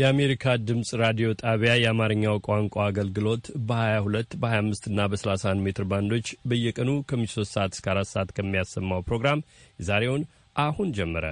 የአሜሪካ ድምፅ ራዲዮ ጣቢያ የአማርኛው ቋንቋ አገልግሎት በ22 በ25 እና በ31 ሜትር ባንዶች በየቀኑ ከ3 ሰዓት እስከ 4 ሰዓት ከሚያሰማው ፕሮግራም የዛሬውን አሁን ጀመረ።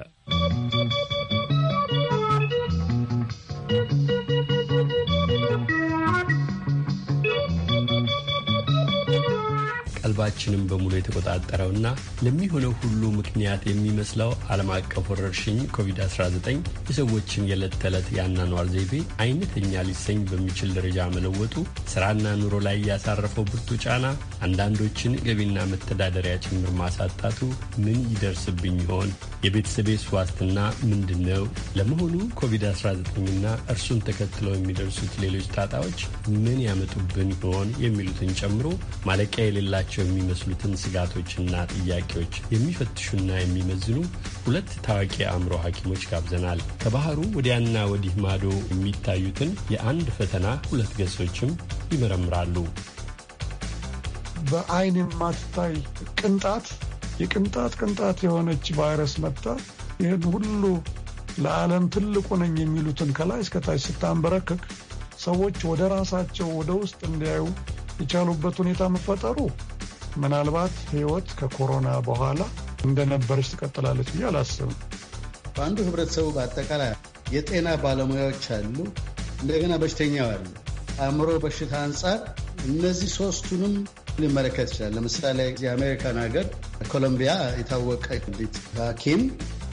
ልባችንም በሙሉ የተቆጣጠረውና ለሚሆነው ሁሉ ምክንያት የሚመስለው ዓለም አቀፍ ወረርሽኝ ኮቪድ-19 የሰዎችን የዕለት ተዕለት የአኗኗር ዘይቤ አይነተኛ ሊሰኝ በሚችል ደረጃ መለወጡ፣ ስራና ኑሮ ላይ ያሳረፈው ብርቱ ጫና፣ አንዳንዶችን ገቢና መተዳደሪያ ጭምር ማሳጣቱ ምን ይደርስብኝ ይሆን? የቤተሰቤስ ዋስትና ምንድን ነው? ለመሆኑ ኮቪድ-19ና እርሱን ተከትለው የሚደርሱት ሌሎች ጣጣዎች ምን ያመጡብን ይሆን? የሚሉትን ጨምሮ ማለቂያ የሌላቸው የሚመስሉትን ስጋቶችና ጥያቄዎች የሚፈትሹና የሚመዝኑ ሁለት ታዋቂ አእምሮ ሐኪሞች ጋብዘናል። ከባህሩ ወዲያና ወዲህ ማዶ የሚታዩትን የአንድ ፈተና ሁለት ገጾችም ይመረምራሉ። በአይን የማትታይ ቅንጣት የቅንጣት ቅንጣት የሆነች ቫይረስ መጥታ ይህን ሁሉ ለዓለም ትልቁ ነኝ የሚሉትን ከላይ እስከታች ስታንበረክክ ሰዎች ወደ ራሳቸው ወደ ውስጥ እንዲያዩ የቻሉበት ሁኔታ መፈጠሩ ምናልባት ህይወት ከኮሮና በኋላ እንደነበረች ትቀጥላለች ብዬ አላስብም። በአንዱ ህብረተሰቡ በአጠቃላይ የጤና ባለሙያዎች አሉ፣ እንደገና በሽተኛው አሉ። አእምሮ በሽታ አንጻር እነዚህ ሶስቱንም ሊመለከት ይችላል። ለምሳሌ የአሜሪካን ሀገር ኮሎምቢያ የታወቀ ሐኪም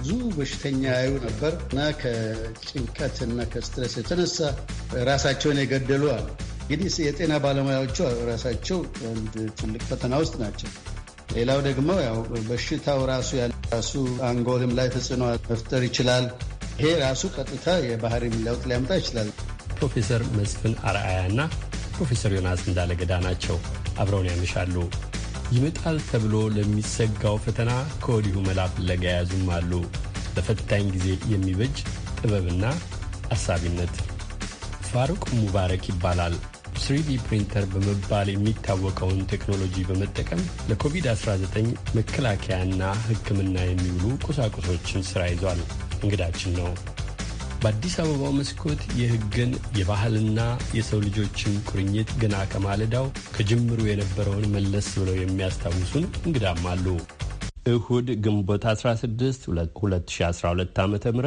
ብዙ በሽተኛ ያዩ ነበር እና ከጭንቀት እና ከስትረስ የተነሳ ራሳቸውን የገደሉ አሉ። እንግዲህ የጤና ባለሙያዎቹ ራሳቸው አንድ ትልቅ ፈተና ውስጥ ናቸው። ሌላው ደግሞ ያው በሽታው ራሱ ራሱ አንጎልም ላይ ተጽዕኖ መፍጠር ይችላል። ይሄ ራሱ ቀጥታ የባህሪም ለውጥ ሊያመጣ ይችላል። ፕሮፌሰር መስፍን አርአያ እና ፕሮፌሰር ዮናስ እንዳለገዳ ናቸው። አብረውን ያመሻሉ። ይመጣል ተብሎ ለሚሰጋው ፈተና ከወዲሁ መላ ፍለጋ የያዙም አሉ። ለፈታኝ ጊዜ የሚበጅ ጥበብና አሳቢነት። ፋሩቅ ሙባረክ ይባላል። ስሪዲ ፕሪንተር በመባል የሚታወቀውን ቴክኖሎጂ በመጠቀም ለኮቪድ-19 መከላከያና ሕክምና የሚውሉ ቁሳቁሶችን ሥራ ይዟል። እንግዳችን ነው። በአዲስ አበባው መስኮት የሕግን የባህልና የሰው ልጆችን ቁርኝት ገና ከማለዳው ከጅምሩ የነበረውን መለስ ብለው የሚያስታውሱን እንግዳም አሉ። እሁድ ግንቦት 16 2012 ዓ ም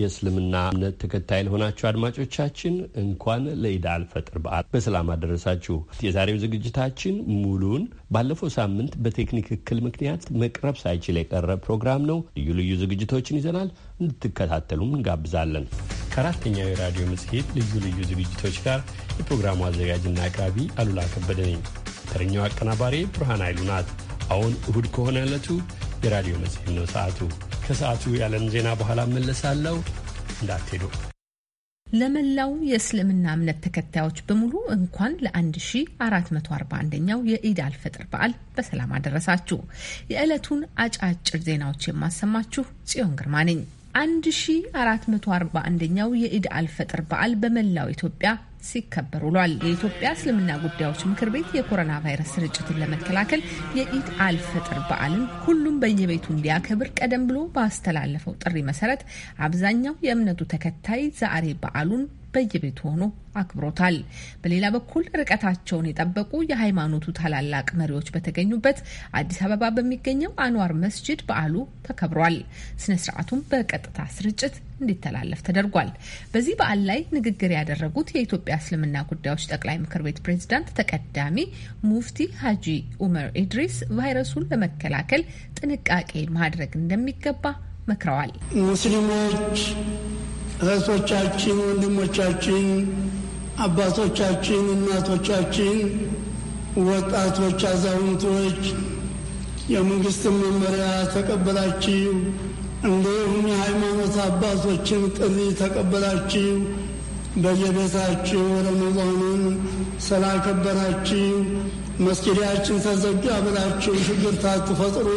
የእስልምና እምነት ተከታይ ለሆናችሁ አድማጮቻችን እንኳን ለኢድ አልፈጥር በዓል በሰላም አደረሳችሁ። የዛሬው ዝግጅታችን ሙሉውን ባለፈው ሳምንት በቴክኒክ እክል ምክንያት መቅረብ ሳይችል የቀረ ፕሮግራም ነው። ልዩ ልዩ ዝግጅቶችን ይዘናል። እንድትከታተሉም እንጋብዛለን። ከአራተኛው የራዲዮ መጽሔት ልዩ ልዩ ዝግጅቶች ጋር የፕሮግራሙ አዘጋጅና አቅራቢ አሉላ ከበደ ነኝ። ተረኛው አቀናባሪ ብርሃን ኃይሉ ናት። አሁን እሁድ ከሆነ ዕለቱ የራዲዮ መጽሔት ነው ሰዓቱ። ከሰዓቱ የዓለም ዜና በኋላ እመለሳለሁ፣ እንዳትሄዱ። ለመላው የእስልምና እምነት ተከታዮች በሙሉ እንኳን ለ1441ኛው የኢድ አልፈጥር በዓል በሰላም አደረሳችሁ። የዕለቱን አጫጭር ዜናዎች የማሰማችሁ ጽዮን ግርማ ነኝ። 1441ኛው የኢድ አልፈጥር በዓል በመላው ኢትዮጵያ ሲከበር ውሏል። የኢትዮጵያ እስልምና ጉዳዮች ምክር ቤት የኮሮና ቫይረስ ስርጭትን ለመከላከል የኢድ አልፈጥር በዓልን ሁሉም በየቤቱ እንዲያከብር ቀደም ብሎ ባስተላለፈው ጥሪ መሰረት አብዛኛው የእምነቱ ተከታይ ዛሬ በዓሉን በየቤቱ ሆኖ አክብሮታል። በሌላ በኩል ርቀታቸውን የጠበቁ የሃይማኖቱ ታላላቅ መሪዎች በተገኙበት አዲስ አበባ በሚገኘው አንዋር መስጂድ በዓሉ ተከብሯል። ስነ ስርዓቱም በቀጥታ ስርጭት እንዲተላለፍ ተደርጓል። በዚህ በዓል ላይ ንግግር ያደረጉት የኢትዮጵያ እስልምና ጉዳዮች ጠቅላይ ምክር ቤት ፕሬዝዳንት ተቀዳሚ ሙፍቲ ሀጂ ኡመር ኢድሪስ ቫይረሱን ለመከላከል ጥንቃቄ ማድረግ እንደሚገባ መክረዋል። ሙስሊሞች እህቶቻችን፣ ወንድሞቻችን፣ አባቶቻችን፣ እናቶቻችን፣ ወጣቶች፣ አዛውንቶች የመንግስትን መመሪያ ተቀበላችሁ እንዲሁም የሃይማኖት አባቶችን ጥሪ ተቀበላችሁ በየቤታችሁ ረመዳኑን ስላከበራችሁ መስጊዳችን ተዘጋ ብላችሁ ችግር ትፈጥሩ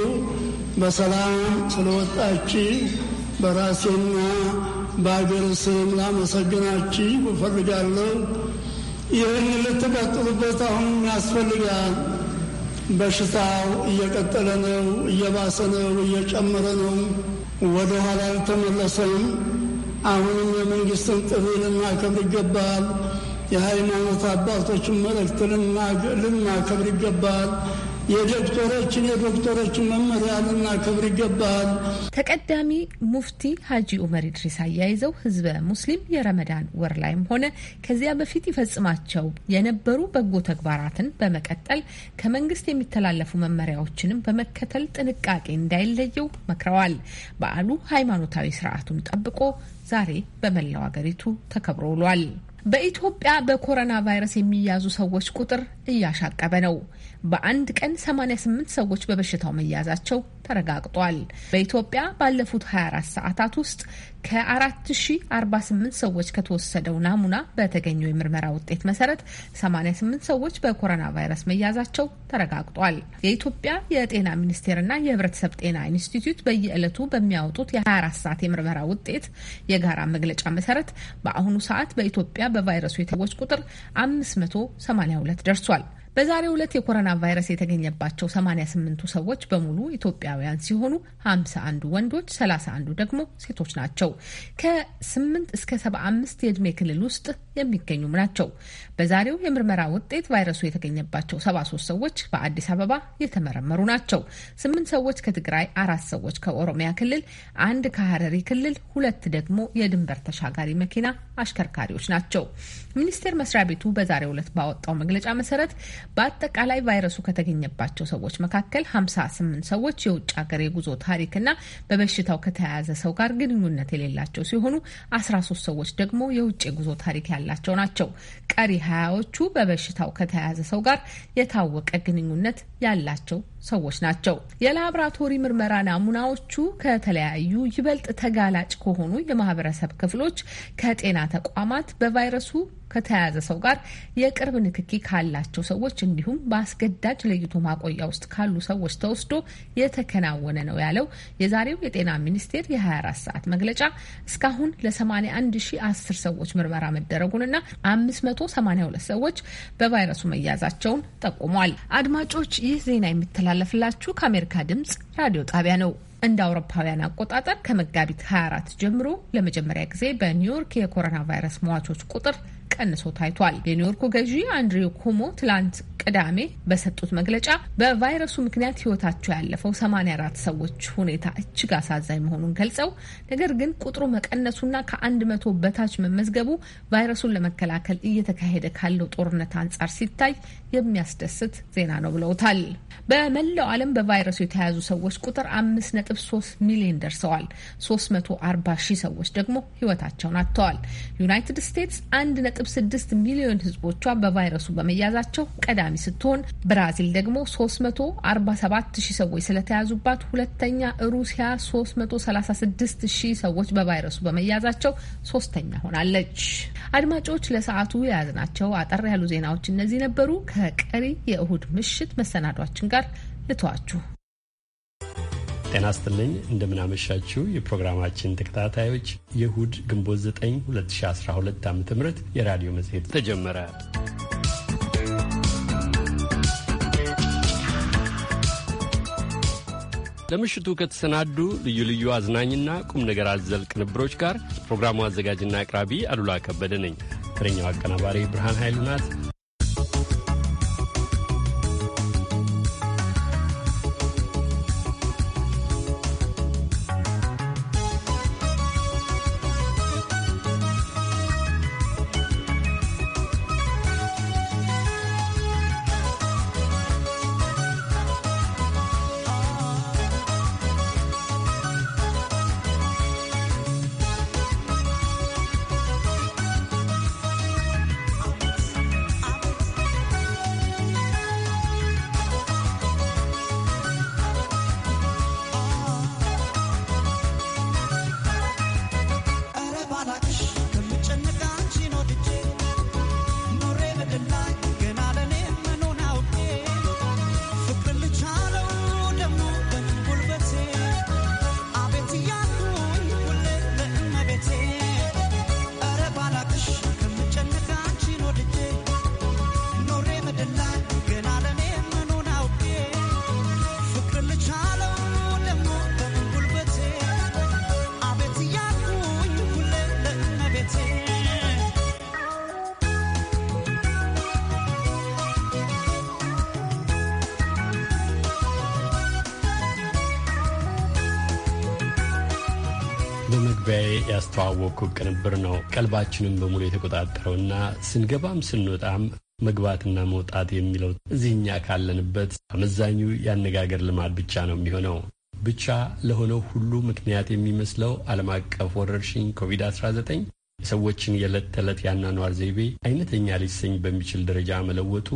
በሰላም ስለወጣችሁ በራሴና በሀገር ስም ላመሰግናችሁ እፈልጋለሁ። ይህን ልትቀጥሉበት አሁን ያስፈልጋል። በሽታው እየቀጠለ ነው፣ እየባሰ ነው፣ እየጨመረ ነው። ወደ ኋላ አልተመለሰም። አሁንም የመንግስትን ጥሪ ልናከብር ይገባል። የሃይማኖት አባቶችን መልእክት ልናከብር ይገባል። የዶክተሮችን የዶክተሮችን መመሪያንና ክብር ይገባል። ተቀዳሚ ሙፍቲ ሀጂ ኡመር ኢድሪስ አያይዘው ህዝበ ሙስሊም የረመዳን ወር ላይም ሆነ ከዚያ በፊት ይፈጽማቸው የነበሩ በጎ ተግባራትን በመቀጠል ከመንግስት የሚተላለፉ መመሪያዎችንም በመከተል ጥንቃቄ እንዳይለየው መክረዋል። በዓሉ ሃይማኖታዊ ስርዓቱን ጠብቆ ዛሬ በመላው ሀገሪቱ ተከብሮ ውሏል። በኢትዮጵያ በኮሮና ቫይረስ የሚያዙ ሰዎች ቁጥር እያሻቀበ ነው። በአንድ ቀን 88 ሰዎች በበሽታው መያዛቸው ተረጋግጧል። በኢትዮጵያ ባለፉት 24 ሰዓታት ውስጥ ከ4048 ሰዎች ከተወሰደው ናሙና በተገኘው የምርመራ ውጤት መሰረት 88 ሰዎች በኮሮና ቫይረስ መያዛቸው ተረጋግጧል። የኢትዮጵያ የጤና ሚኒስቴርና የሕብረተሰብ ጤና ኢንስቲትዩት በየዕለቱ በሚያወጡት የ24 ሰዓት የምርመራ ውጤት የጋራ መግለጫ መሰረት በአሁኑ ሰዓት በኢትዮጵያ በቫይረሱ የተወች ቁጥር 582 ደርሷል። በዛሬው ዕለት የኮሮና ቫይረስ የተገኘባቸው 88ቱ ሰዎች በሙሉ ኢትዮጵያውያን ሲሆኑ 51 ወንዶች፣ 31 ደግሞ ሴቶች ናቸው። ከ8 እስከ 75 የዕድሜ ክልል ውስጥ የሚገኙም ናቸው። በዛሬው የምርመራ ውጤት ቫይረሱ የተገኘባቸው 73 ሰዎች በአዲስ አበባ የተመረመሩ ናቸው። ስምንት ሰዎች ከትግራይ፣ አራት ሰዎች ከኦሮሚያ ክልል፣ አንድ ከሀረሪ ክልል፣ ሁለት ደግሞ የድንበር ተሻጋሪ መኪና አሽከርካሪዎች ናቸው። ሚኒስቴር መስሪያ ቤቱ በዛሬው ዕለት ባወጣው መግለጫ መሰረት በአጠቃላይ ቫይረሱ ከተገኘባቸው ሰዎች መካከል 58 ሰዎች የውጭ ሀገር የጉዞ ታሪክና በበሽታው ከተያያዘ ሰው ጋር ግንኙነት የሌላቸው ሲሆኑ 13 ሰዎች ደግሞ የውጭ የጉዞ ታሪክ ያላቸው ናቸው ቀሪ ሀያዎቹ በበሽታው ከተያዘ ሰው ጋር የታወቀ ግንኙነት ያላቸው ሰዎች ናቸው። የላብራቶሪ ምርመራ ናሙናዎቹ ከተለያዩ ይበልጥ ተጋላጭ ከሆኑ የማህበረሰብ ክፍሎች፣ ከጤና ተቋማት፣ በቫይረሱ ከተያዘ ሰው ጋር የቅርብ ንክኪ ካላቸው ሰዎች እንዲሁም በአስገዳጅ ለይቶ ማቆያ ውስጥ ካሉ ሰዎች ተወስዶ የተከናወነ ነው ያለው የዛሬው የጤና ሚኒስቴር የ24 ሰዓት መግለጫ እስካሁን ለ81010 ሰዎች ምርመራ መደረጉንና 582 ሰዎች በቫይረሱ መያዛቸውን ጠቁሟል። አድማጮች ይህ ዜና የምትላ የሚተላለፍላችሁ ከአሜሪካ ድምፅ ራዲዮ ጣቢያ ነው። እንደ አውሮፓውያን አቆጣጠር ከመጋቢት 24 ጀምሮ ለመጀመሪያ ጊዜ በኒውዮርክ የኮሮና ቫይረስ መዋቾች ቁጥር ቀንሶ ታይቷል። የኒውዮርኩ ገዢ አንድሪው ኩሞ ትላንት ቅዳሜ በሰጡት መግለጫ በቫይረሱ ምክንያት ህይወታቸው ያለፈው 84 ሰዎች ሁኔታ እጅግ አሳዛኝ መሆኑን ገልጸው ነገር ግን ቁጥሩ መቀነሱና ከአንድ መቶ በታች መመዝገቡ ቫይረሱን ለመከላከል እየተካሄደ ካለው ጦርነት አንጻር ሲታይ የሚያስደስት ዜና ነው ብለውታል። በመላው ዓለም በቫይረሱ የተያዙ ሰዎች ቁጥር 5.3 ሚሊዮን ደርሰዋል። 340 ሺህ ሰዎች ደግሞ ህይወታቸውን አጥተዋል። ዩናይትድ ስቴትስ 1.6 ሚሊዮን ህዝቦቿ በቫይረሱ በመያዛቸው ቀዳ ቀዳሚ ስትሆን ብራዚል ደግሞ 347 ሺህ ሰዎች ስለተያዙባት፣ ሁለተኛ ሩሲያ 336 ሺህ ሰዎች በቫይረሱ በመያዛቸው ሶስተኛ ሆናለች። አድማጮች ለሰዓቱ የያዝናቸው አጠር ያሉ ዜናዎች እነዚህ ነበሩ። ከቀሪ የእሁድ ምሽት መሰናዷችን ጋር ልተዋችሁ። ጤና ስትልኝ እንደምናመሻችው የፕሮግራማችን ተከታታዮች የእሁድ ግንቦት 9 2012 ዓ ም የራዲዮ መጽሔት ተጀመረ። ለምሽቱ ከተሰናዱ ልዩ ልዩ አዝናኝና ቁም ነገር አዘል ቅንብሮች ጋር ፕሮግራሙ አዘጋጅና አቅራቢ አሉላ ከበደ ነኝ። ተረኛው አቀናባሪ ብርሃን ኃይሉ ናት። ያስተዋወቅኩ ቅንብር ነው። ቀልባችንም በሙሉ የተቆጣጠረውና ስንገባም ስንወጣም መግባትና መውጣት የሚለው እዚህኛ ካለንበት አመዛኙ የአነጋገር ልማድ ብቻ ነው የሚሆነው። ብቻ ለሆነው ሁሉ ምክንያት የሚመስለው ዓለም አቀፍ ወረርሽኝ ኮቪድ-19 የሰዎችን የዕለት ተዕለት ያኗኗር ዘይቤ አይነተኛ ሊሰኝ በሚችል ደረጃ መለወጡ፣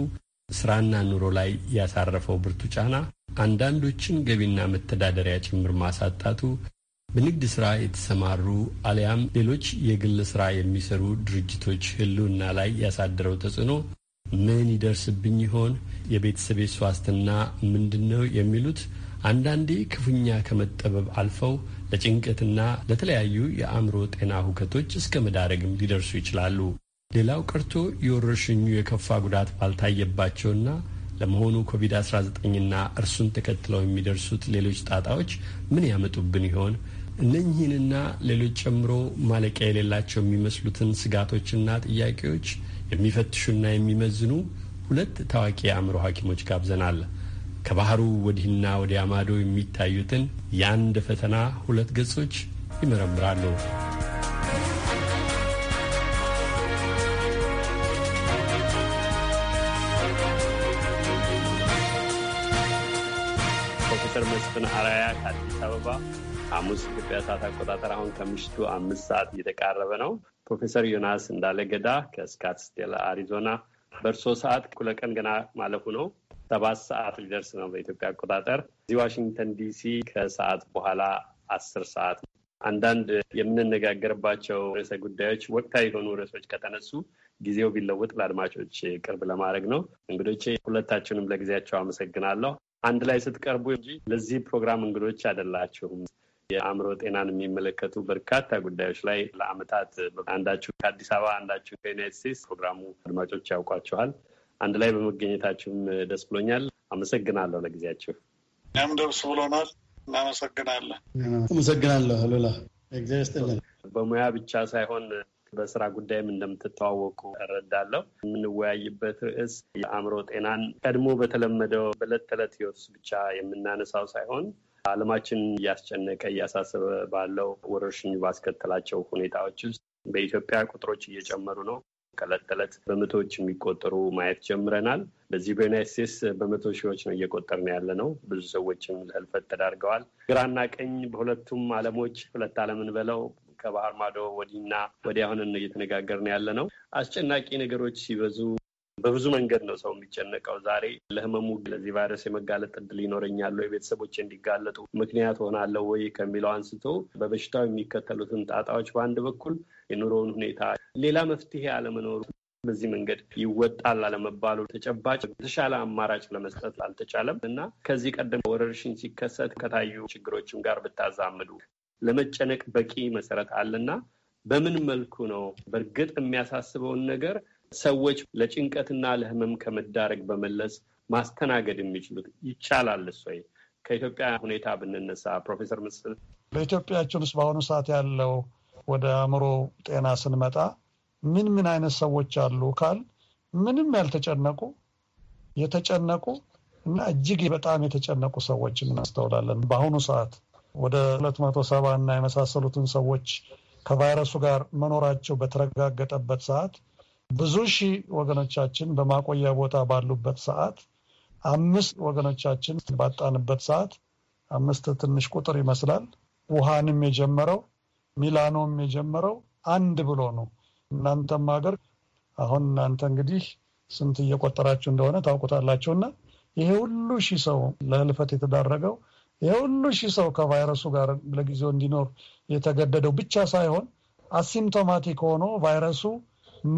ስራና ኑሮ ላይ ያሳረፈው ብርቱ ጫና፣ አንዳንዶችን ገቢና መተዳደሪያ ጭምር ማሳጣቱ በንግድ ስራ የተሰማሩ አሊያም ሌሎች የግል ስራ የሚሰሩ ድርጅቶች ህልውና ላይ ያሳደረው ተጽዕኖ ምን ይደርስብኝ ይሆን? የቤተሰቤ ዋስትና ምንድን ነው? የሚሉት አንዳንዴ ክፉኛ ከመጠበብ አልፈው ለጭንቀትና ለተለያዩ የአእምሮ ጤና ሁከቶች እስከ መዳረግም ሊደርሱ ይችላሉ። ሌላው ቀርቶ የወረርሽኙ የከፋ ጉዳት ባልታየባቸውና ለመሆኑ ኮቪድ-19ና እርሱን ተከትለው የሚደርሱት ሌሎች ጣጣዎች ምን ያመጡብን ይሆን? እነኚህንና ሌሎች ጨምሮ ማለቂያ የሌላቸው የሚመስሉትን ስጋቶችና ጥያቄዎች የሚፈትሹና የሚመዝኑ ሁለት ታዋቂ የአእምሮ ሐኪሞች ጋብዘናል። ከባህሩ ወዲህና ወዲ አማዶ የሚታዩትን የአንድ ፈተና ሁለት ገጾች ይመረምራሉ። ፕሮፌሰር መስፍን አራያ ከአዲስ አበባ ሐሙስ ኢትዮጵያ ሰዓት አቆጣጠር አሁን ከምሽቱ አምስት ሰዓት እየተቃረበ ነው። ፕሮፌሰር ዮናስ እንዳለ ገዳ ከስካትስቴል አሪዞና በእርሶ ሰዓት እኩለ ቀን ገና ማለፉ ነው። ሰባት ሰዓት ሊደርስ ነው በኢትዮጵያ አቆጣጠር። እዚህ ዋሽንግተን ዲሲ ከሰዓት በኋላ አስር ሰዓት አንዳንድ የምንነጋገርባቸው ርዕሰ ጉዳዮች ወቅታዊ የሆኑ ርዕሶች ከተነሱ ጊዜው ቢለወጥ ለአድማጮች ቅርብ ለማድረግ ነው። እንግዶቼ ሁለታችሁንም ለጊዜያቸው አመሰግናለሁ። አንድ ላይ ስትቀርቡ እንጂ ለዚህ ፕሮግራም እንግዶች አይደላችሁም። የአእምሮ ጤናን የሚመለከቱ በርካታ ጉዳዮች ላይ ለአመታት አንዳችሁ ከአዲስ አበባ አንዳችሁ ከዩናይት ስቴትስ ፕሮግራሙ አድማጮች ያውቋችኋል። አንድ ላይ በመገኘታችሁም ደስ ብሎኛል። አመሰግናለሁ ለጊዜያችሁ። እኛም ደስ ብሎናል። እናመሰግናለን። አመሰግናለሁ አሉላ። እግዚአብሔር በሙያ ብቻ ሳይሆን በስራ ጉዳይም እንደምትተዋወቁ እረዳለሁ። የምንወያይበት ርዕስ የአእምሮ ጤናን ቀድሞ በተለመደው በዕለት ተዕለት ህይወት ውስጥ ብቻ የምናነሳው ሳይሆን ዓለማችን እያስጨነቀ እያሳሰበ ባለው ወረርሽኝ ባስከተላቸው ሁኔታዎች ውስጥ በኢትዮጵያ ቁጥሮች እየጨመሩ ነው። ከዕለት ተዕለት በመቶዎች የሚቆጠሩ ማየት ጀምረናል። በዚህ በዩናይት ስቴትስ በመቶ ሺዎች ነው እየቆጠርን ያለ ነው። ብዙ ሰዎችም ለህልፈት ተዳርገዋል። ግራና ቀኝ በሁለቱም ዓለሞች ሁለት ዓለምን በለው ከባህር ማዶ ወዲህና ወዲያ ሆነን እየተነጋገርን ያለ ነው። አስጨናቂ ነገሮች ሲበዙ በብዙ መንገድ ነው ሰው የሚጨነቀው። ዛሬ ለህመሙ ለዚህ ቫይረስ የመጋለጥ እድል ይኖረኛል ወይ፣ ቤተሰቦች እንዲጋለጡ ምክንያት ሆናለሁ ወይ ከሚለው አንስቶ በበሽታው የሚከተሉትን ጣጣዎች በአንድ በኩል የኑሮውን ሁኔታ፣ ሌላ መፍትሄ አለመኖሩ፣ በዚህ መንገድ ይወጣል አለመባሉ፣ ተጨባጭ የተሻለ አማራጭ ለመስጠት አልተቻለም እና ከዚህ ቀደም ወረርሽኝ ሲከሰት ከታዩ ችግሮችም ጋር ብታዛምዱ ለመጨነቅ በቂ መሰረት አለና በምን መልኩ ነው በእርግጥ የሚያሳስበውን ነገር ሰዎች ለጭንቀትና ለህመም ከመዳረግ በመለስ ማስተናገድ የሚችሉት ይቻላል ወይ? ከኢትዮጵያ ሁኔታ ብንነሳ ፕሮፌሰር ምስል በኢትዮጵያችን ውስጥ በአሁኑ ሰዓት ያለው ወደ አእምሮ ጤና ስንመጣ ምን ምን አይነት ሰዎች አሉ ካል ምንም ያልተጨነቁ የተጨነቁ እና እጅግ በጣም የተጨነቁ ሰዎች እናስተውላለን። በአሁኑ ሰዓት ወደ ሁለት መቶ ሰባ እና የመሳሰሉትን ሰዎች ከቫይረሱ ጋር መኖራቸው በተረጋገጠበት ሰዓት ብዙ ሺህ ወገኖቻችን በማቆያ ቦታ ባሉበት ሰዓት አምስት ወገኖቻችን ባጣንበት ሰዓት አምስት ትንሽ ቁጥር ይመስላል። ውሃንም የጀመረው ሚላኖም የጀመረው አንድ ብሎ ነው። እናንተም ሀገር አሁን እናንተ እንግዲህ ስንት እየቆጠራችሁ እንደሆነ ታውቁታላችሁና ይሄ ሁሉ ሺህ ሰው ለህልፈት የተዳረገው ይሄ ሁሉ ሺህ ሰው ከቫይረሱ ጋር ለጊዜው እንዲኖር የተገደደው ብቻ ሳይሆን አሲምቶማቲክ ሆኖ ቫይረሱ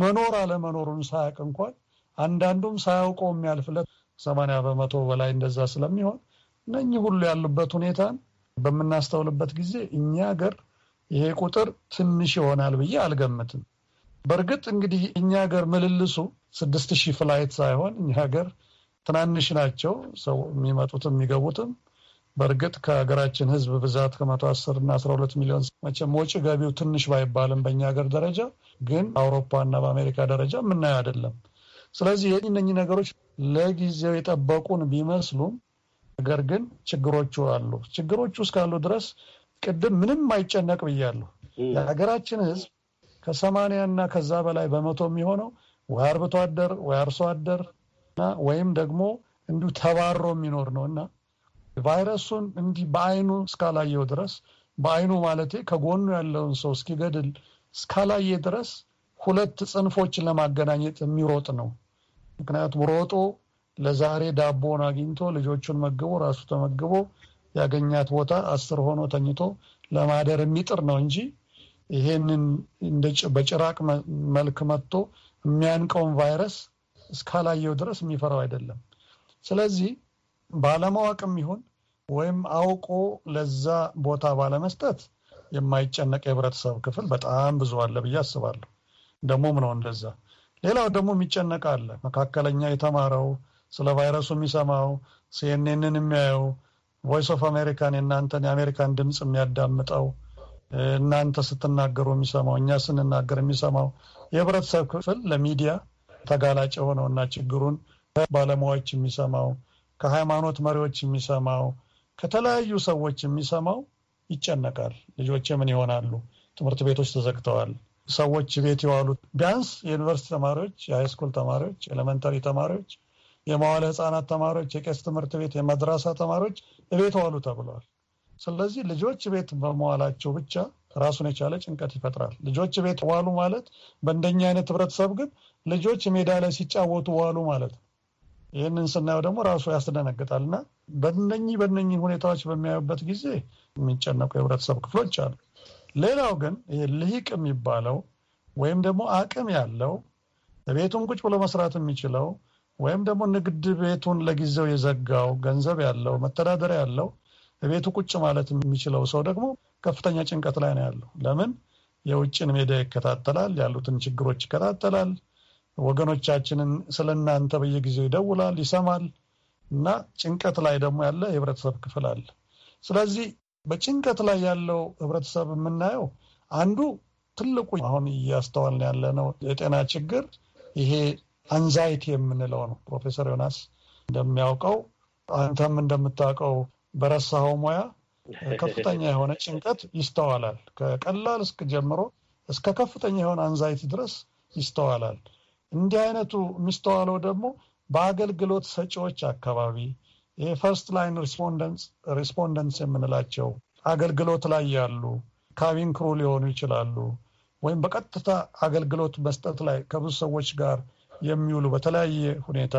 መኖር አለመኖሩን ሳያቅ እንኳን አንዳንዱም ሳያውቀው የሚያልፍለት ሰማንያ በመቶ በላይ እንደዛ ስለሚሆን እነኚህ ሁሉ ያሉበት ሁኔታን በምናስተውልበት ጊዜ እኛ ሀገር ይሄ ቁጥር ትንሽ ይሆናል ብዬ አልገምትም። በእርግጥ እንግዲህ እኛ ሀገር ምልልሱ ስድስት ሺህ ፍላይት ሳይሆን እኛ ሀገር ትናንሽ ናቸው። ሰው የሚመጡትም የሚገቡትም በእርግጥ ከሀገራችን ህዝብ ብዛት ከመቶ አስር እና አስራ ሁለት ሚሊዮን መቼም ወጪ ገቢው ትንሽ ባይባልም በእኛ ሀገር ደረጃ ግን በአውሮፓ እና በአሜሪካ ደረጃ የምናየው አይደለም። ስለዚህ የእነኚህ ነገሮች ለጊዜው የጠበቁን ቢመስሉም ነገር ግን ችግሮቹ አሉ። ችግሮቹ እስካሉ ድረስ ቅድም ምንም አይጨነቅ ብያለሁ። የሀገራችን ህዝብ ከሰማንያ እና ከዛ በላይ በመቶ የሚሆነው ወይ አርብቶ አደር ወይ አርሶ አደር ወይም ደግሞ እንዲሁ ተባሮ የሚኖር ነው እና ቫይረሱን እንዲህ በአይኑ እስካላየው ድረስ በአይኑ ማለቴ ከጎኑ ያለውን ሰው እስኪገድል እስካላየ ድረስ ሁለት ጽንፎችን ለማገናኘት የሚሮጥ ነው። ምክንያቱም ሮጦ ለዛሬ ዳቦን አግኝቶ ልጆቹን መግቦ ራሱ ተመግቦ ያገኛት ቦታ አስር ሆኖ ተኝቶ ለማደር የሚጥር ነው እንጂ ይሄንን በጭራቅ መልክ መጥቶ የሚያንቀውን ቫይረስ እስካላየው ድረስ የሚፈራው አይደለም። ስለዚህ ባለማወቅም ይሁን ወይም አውቆ ለዛ ቦታ ባለመስጠት የማይጨነቅ የህብረተሰብ ክፍል በጣም ብዙ አለ ብዬ አስባለሁ። ደግሞም ነው እንደዛ። ሌላው ደግሞ የሚጨነቅ አለ። መካከለኛ የተማረው ስለ ቫይረሱ የሚሰማው ሲኤንኤንን የሚያየው ቮይስ ኦፍ አሜሪካን የእናንተን የአሜሪካን ድምፅ የሚያዳምጠው እናንተ ስትናገሩ የሚሰማው እኛ ስንናገር የሚሰማው የህብረተሰብ ክፍል ለሚዲያ ተጋላጭ የሆነውና ችግሩን ባለሙያዎች የሚሰማው ከሃይማኖት መሪዎች የሚሰማው ከተለያዩ ሰዎች የሚሰማው ይጨነቃል። ልጆች ምን ይሆናሉ? ትምህርት ቤቶች ተዘግተዋል። ሰዎች ቤት የዋሉት ቢያንስ የዩኒቨርሲቲ ተማሪዎች፣ የሃይስኩል ተማሪዎች፣ ኤሌመንተሪ ተማሪዎች፣ የመዋለ ህፃናት ተማሪዎች፣ የቄስ ትምህርት ቤት፣ የመድራሳ ተማሪዎች ቤት ዋሉ ተብለዋል። ስለዚህ ልጆች ቤት በመዋላቸው ብቻ ራሱን የቻለ ጭንቀት ይፈጥራል። ልጆች ቤት ዋሉ ማለት በእንደኛ አይነት ህብረተሰብ ግን ልጆች ሜዳ ላይ ሲጫወቱ ዋሉ ማለት ነው። ይህንን ስናየው ደግሞ ራሱ ያስደነግጣል እና በነኚህ በነኚህ ሁኔታዎች በሚያዩበት ጊዜ የሚጨነቁ የህብረተሰብ ክፍሎች አሉ። ሌላው ግን ይህ ልሂቅ የሚባለው ወይም ደግሞ አቅም ያለው ቤቱን ቁጭ ብሎ መስራት የሚችለው ወይም ደግሞ ንግድ ቤቱን ለጊዜው የዘጋው ገንዘብ ያለው መተዳደሪያ ያለው ቤቱ ቁጭ ማለት የሚችለው ሰው ደግሞ ከፍተኛ ጭንቀት ላይ ነው ያለው። ለምን? የውጭን ሜዲያ ይከታተላል፣ ያሉትን ችግሮች ይከታተላል፣ ወገኖቻችንን ስለ እናንተ በየጊዜው ይደውላል፣ ይሰማል እና ጭንቀት ላይ ደግሞ ያለ የህብረተሰብ ክፍል አለ። ስለዚህ በጭንቀት ላይ ያለው ህብረተሰብ የምናየው አንዱ ትልቁ አሁን እያስተዋልን ያለ ነው የጤና ችግር ይሄ አንዛይቲ የምንለው ነው። ፕሮፌሰር ዮናስ እንደሚያውቀው አንተም እንደምታውቀው በረሳኸው ሙያ ከፍተኛ የሆነ ጭንቀት ይስተዋላል። ከቀላል እስክ ጀምሮ እስከ ከፍተኛ የሆነ አንዛይቲ ድረስ ይስተዋላል። እንዲህ አይነቱ የሚስተዋለው ደግሞ በአገልግሎት ሰጪዎች አካባቢ የፈርስት ላይን ሪስፖንደንስ የምንላቸው አገልግሎት ላይ ያሉ ካቢን ክሩ ሊሆኑ ይችላሉ። ወይም በቀጥታ አገልግሎት መስጠት ላይ ከብዙ ሰዎች ጋር የሚውሉ በተለያየ ሁኔታ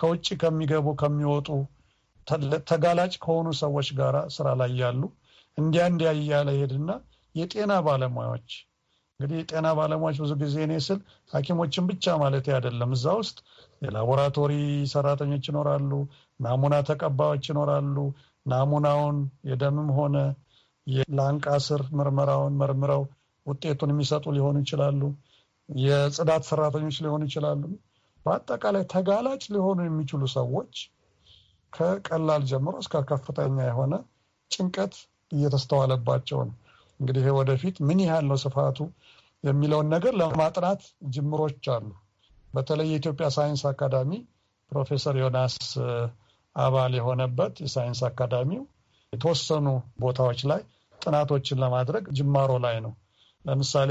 ከውጭ ከሚገቡ ከሚወጡ ተጋላጭ ከሆኑ ሰዎች ጋር ስራ ላይ ያሉ እንዲያ እንዲያ እያለ ሄድና የጤና ባለሙያዎች እንግዲህ የጤና ባለሙያዎች ብዙ ጊዜ እኔ ስል ሐኪሞችን ብቻ ማለት አይደለም። እዛ ውስጥ የላቦራቶሪ ሰራተኞች ይኖራሉ፣ ናሙና ተቀባዮች ይኖራሉ። ናሙናውን የደምም ሆነ የላንቃ ስር ምርመራውን መርምረው ውጤቱን የሚሰጡ ሊሆኑ ይችላሉ። የጽዳት ሰራተኞች ሊሆኑ ይችላሉ። በአጠቃላይ ተጋላጭ ሊሆኑ የሚችሉ ሰዎች ከቀላል ጀምሮ እስከ ከፍተኛ የሆነ ጭንቀት እየተስተዋለባቸው ነው። እንግዲህ ወደፊት ምን ያህል ነው ስፋቱ የሚለውን ነገር ለማጥናት ጅምሮች አሉ። በተለይ የኢትዮጵያ ሳይንስ አካዳሚ ፕሮፌሰር ዮናስ አባል የሆነበት የሳይንስ አካዳሚው የተወሰኑ ቦታዎች ላይ ጥናቶችን ለማድረግ ጅማሮ ላይ ነው። ለምሳሌ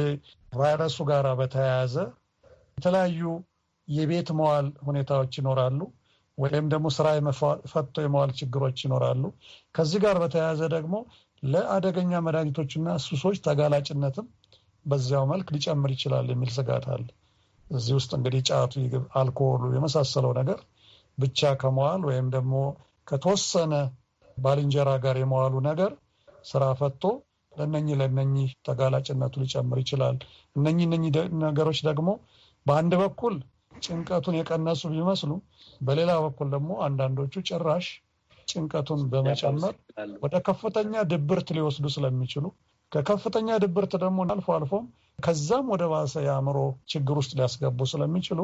ቫይረሱ ጋር በተያያዘ የተለያዩ የቤት መዋል ሁኔታዎች ይኖራሉ፣ ወይም ደግሞ ስራ ፈቶ የመዋል ችግሮች ይኖራሉ። ከዚህ ጋር በተያያዘ ደግሞ ለአደገኛ መድኃኒቶችና ሱሶች ተጋላጭነትም በዚያው መልክ ሊጨምር ይችላል የሚል ስጋት አለ። እዚህ ውስጥ እንግዲህ ጫቱ፣ አልኮሆሉ የመሳሰለው ነገር ብቻ ከመዋል ወይም ደግሞ ከተወሰነ ባልንጀራ ጋር የመዋሉ ነገር ስራ ፈቶ ለነኚህ ለነኚህ ተጋላጭነቱ ሊጨምር ይችላል። እነኚህ እነኚህ ነገሮች ደግሞ በአንድ በኩል ጭንቀቱን የቀነሱ ቢመስሉ፣ በሌላ በኩል ደግሞ አንዳንዶቹ ጭራሽ ጭንቀቱን በመጨመር ወደ ከፍተኛ ድብርት ሊወስዱ ስለሚችሉ ከከፍተኛ ድብርት ደግሞ አልፎ አልፎም ከዛም ወደ ባሰ የአእምሮ ችግር ውስጥ ሊያስገቡ ስለሚችሉ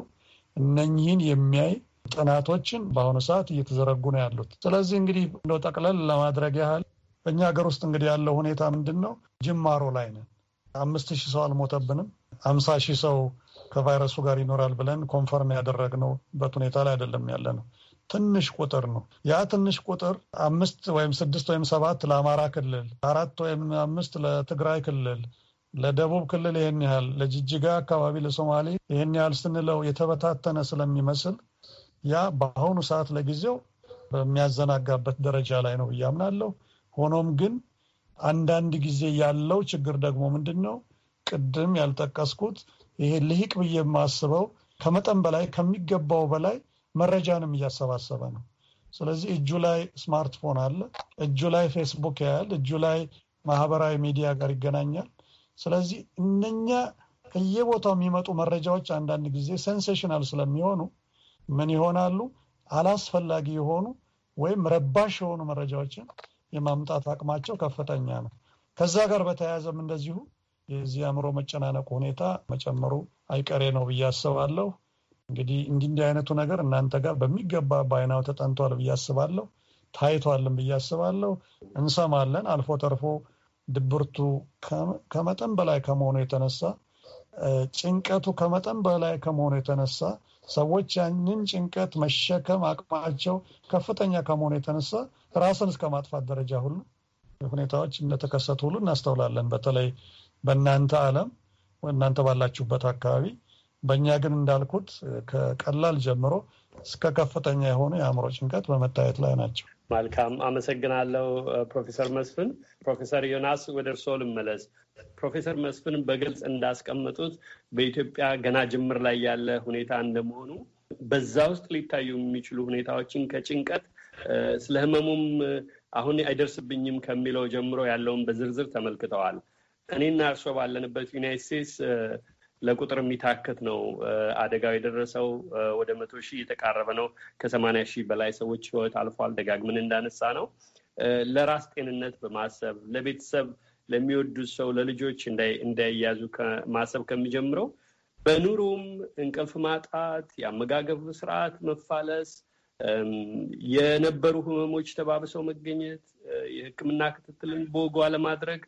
እነኚህን የሚያይ ጥናቶችን በአሁኑ ሰዓት እየተዘረጉ ነው ያሉት። ስለዚህ እንግዲህ እንደው ጠቅለል ለማድረግ ያህል በእኛ ሀገር ውስጥ እንግዲህ ያለው ሁኔታ ምንድን ነው? ጅማሮ ላይ ነን። አምስት ሺህ ሰው አልሞተብንም። አምሳ ሺህ ሰው ከቫይረሱ ጋር ይኖራል ብለን ኮንፈርም ያደረግነውበት ሁኔታ ላይ አይደለም ያለ ነው። ትንሽ ቁጥር ነው። ያ ትንሽ ቁጥር አምስት ወይም ስድስት ወይም ሰባት ለአማራ ክልል፣ አራት ወይም አምስት ለትግራይ ክልል፣ ለደቡብ ክልል ይህን ያህል፣ ለጅጅጋ አካባቢ ለሶማሌ ይህን ያህል ስንለው የተበታተነ ስለሚመስል ያ በአሁኑ ሰዓት ለጊዜው በሚያዘናጋበት ደረጃ ላይ ነው ብዬ አምናለሁ። ሆኖም ግን አንዳንድ ጊዜ ያለው ችግር ደግሞ ምንድን ነው? ቅድም ያልጠቀስኩት ይሄ ልሂቅ ብዬ የማስበው ከመጠን በላይ ከሚገባው በላይ መረጃንም እያሰባሰበ ነው። ስለዚህ እጁ ላይ ስማርትፎን አለ፣ እጁ ላይ ፌስቡክ ያያል፣ እጁ ላይ ማህበራዊ ሚዲያ ጋር ይገናኛል። ስለዚህ እነኛ ከየቦታው የሚመጡ መረጃዎች አንዳንድ ጊዜ ሴንሴሽናል ስለሚሆኑ ምን ይሆናሉ? አላስፈላጊ የሆኑ ወይም ረባሽ የሆኑ መረጃዎችን የማምጣት አቅማቸው ከፍተኛ ነው። ከዛ ጋር በተያያዘም እንደዚሁ የዚህ አእምሮ መጨናነቅ ሁኔታ መጨመሩ አይቀሬ ነው ብዬ አስባለሁ። እንግዲህ እንዲህ እንዲህ አይነቱ ነገር እናንተ ጋር በሚገባ በአይናው ተጠንቷል ብዬ አስባለሁ። ታይቷልም ብዬ አስባለሁ። እንሰማለን። አልፎ ተርፎ ድብርቱ ከመጠን በላይ ከመሆኑ የተነሳ ጭንቀቱ ከመጠን በላይ ከመሆኑ የተነሳ ሰዎች ያንን ጭንቀት መሸከም አቅማቸው ከፍተኛ ከመሆኑ የተነሳ ራስን እስከ ማጥፋት ደረጃ ሁሉ ሁኔታዎች እንደተከሰቱ ሁሉ እናስተውላለን። በተለይ በእናንተ ዓለም እናንተ ባላችሁበት አካባቢ በእኛ ግን እንዳልኩት ከቀላል ጀምሮ እስከ ከፍተኛ የሆነ የአእምሮ ጭንቀት በመታየት ላይ ናቸው። መልካም አመሰግናለሁ ፕሮፌሰር መስፍን። ፕሮፌሰር ዮናስ ወደ እርስዎ ልመለስ። ፕሮፌሰር መስፍን በግልጽ እንዳስቀመጡት በኢትዮጵያ ገና ጅምር ላይ ያለ ሁኔታ እንደመሆኑ በዛ ውስጥ ሊታዩ የሚችሉ ሁኔታዎችን ከጭንቀት ስለ ህመሙም አሁን አይደርስብኝም ከሚለው ጀምሮ ያለውን በዝርዝር ተመልክተዋል። እኔና እርስዎ ባለንበት ዩናይት ስቴትስ ለቁጥር የሚታከት ነው። አደጋው የደረሰው ወደ መቶ ሺህ የተቃረበ ነው። ከሰማንያ ሺህ በላይ ሰዎች ህይወት አልፏል። ደጋግምን እንዳነሳ ነው። ለራስ ጤንነት በማሰብ ለቤተሰብ ለሚወዱት ሰው ለልጆች እንዳይያዙ ማሰብ ከሚጀምረው በኑሮም እንቅልፍ ማጣት፣ የአመጋገብ ስርዓት መፋለስ፣ የነበሩ ህመሞች ተባብሰው መገኘት፣ የህክምና ክትትልን በወጉ አለማድረግ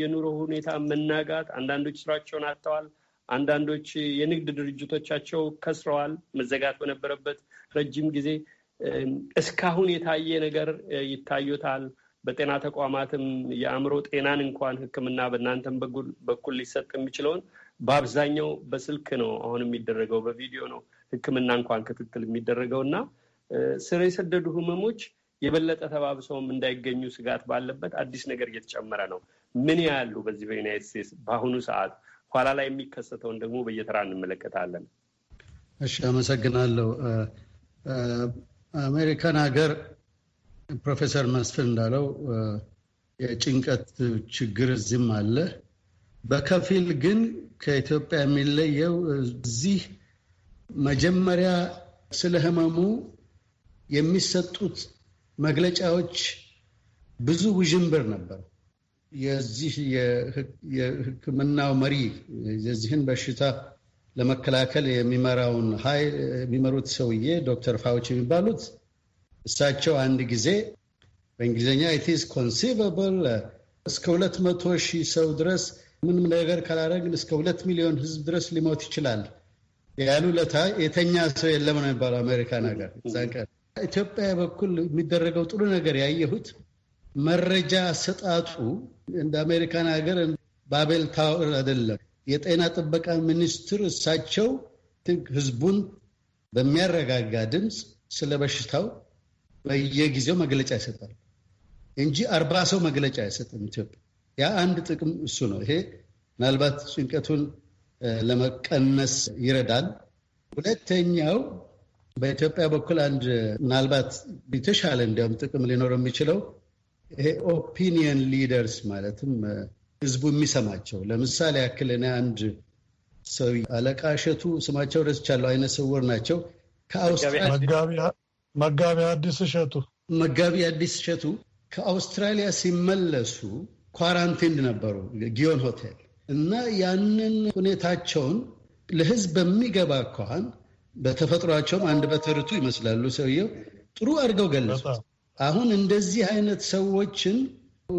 የኑሮ ሁኔታ መናጋት፣ አንዳንዶች ስራቸውን አጥተዋል። አንዳንዶች የንግድ ድርጅቶቻቸው ከስረዋል። መዘጋት በነበረበት ረጅም ጊዜ እስካሁን የታየ ነገር ይታዩታል። በጤና ተቋማትም የአእምሮ ጤናን እንኳን ሕክምና በእናንተም በኩል ሊሰጥ የሚችለውን በአብዛኛው በስልክ ነው አሁን የሚደረገው፣ በቪዲዮ ነው ሕክምና እንኳን ክትትል የሚደረገው እና ስር የሰደዱ ህመሞች የበለጠ ተባብሰውም እንዳይገኙ ስጋት ባለበት አዲስ ነገር እየተጨመረ ነው። ምን ያሉ በዚህ በዩናይት ስቴትስ በአሁኑ ሰዓት ኋላ ላይ የሚከሰተውን ደግሞ በየተራ እንመለከታለን። እሺ፣ አመሰግናለሁ። አሜሪካን ሀገር ፕሮፌሰር መስፍን እንዳለው የጭንቀት ችግር እዚህም አለ። በከፊል ግን ከኢትዮጵያ የሚለየው እዚህ መጀመሪያ ስለ ህመሙ የሚሰጡት መግለጫዎች ብዙ ውዥንብር ነበር። የዚህ የሕክምናው መሪ የዚህን በሽታ ለመከላከል የሚመራውን ኃይል የሚመሩት ሰውዬ ዶክተር ፋውች የሚባሉት እሳቸው አንድ ጊዜ በእንግሊዝኛ ኢትስ ኮንሲቨብል እስከ ሁለት መቶ ሺህ ሰው ድረስ ምንም ነገር ካላደረግን እስከ ሁለት ሚሊዮን ህዝብ ድረስ ሊሞት ይችላል ያሉ ለታ የተኛ ሰው የለም ነው የሚባለው አሜሪካን ሀገር ኢትዮጵያ በኩል የሚደረገው ጥሩ ነገር ያየሁት መረጃ አሰጣጡ እንደ አሜሪካን ሀገር ባቤል ታወር አይደለም። የጤና ጥበቃ ሚኒስትር እሳቸው ህዝቡን በሚያረጋጋ ድምፅ ስለ በሽታው በየጊዜው መግለጫ ይሰጣል እንጂ አርባ ሰው መግለጫ አይሰጥም ኢትዮጵያ። ያ አንድ ጥቅም እሱ ነው። ይሄ ምናልባት ጭንቀቱን ለመቀነስ ይረዳል። ሁለተኛው በኢትዮጵያ በኩል አንድ ምናልባት የተሻለ እንዲያውም ጥቅም ሊኖረው የሚችለው ይሄ ኦፒኒየን ሊደርስ ማለትም ህዝቡ የሚሰማቸው ለምሳሌ ያክል እኔ አንድ ሰው አለቃ እሸቱ ስማቸው ረስቻለሁ፣ አይነ ስውር ናቸው። መጋቢ አዲስ እሸቱ መጋቢ አዲስ እሸቱ ከአውስትራሊያ ሲመለሱ ኳራንቲንድ ነበሩ ጊዮን ሆቴል እና ያንን ሁኔታቸውን ለህዝብ በሚገባ እንኳን በተፈጥሯቸውም አንድ በተርቱ ይመስላሉ። ሰውየው ጥሩ አድርገው ገለጹት። አሁን እንደዚህ አይነት ሰዎችን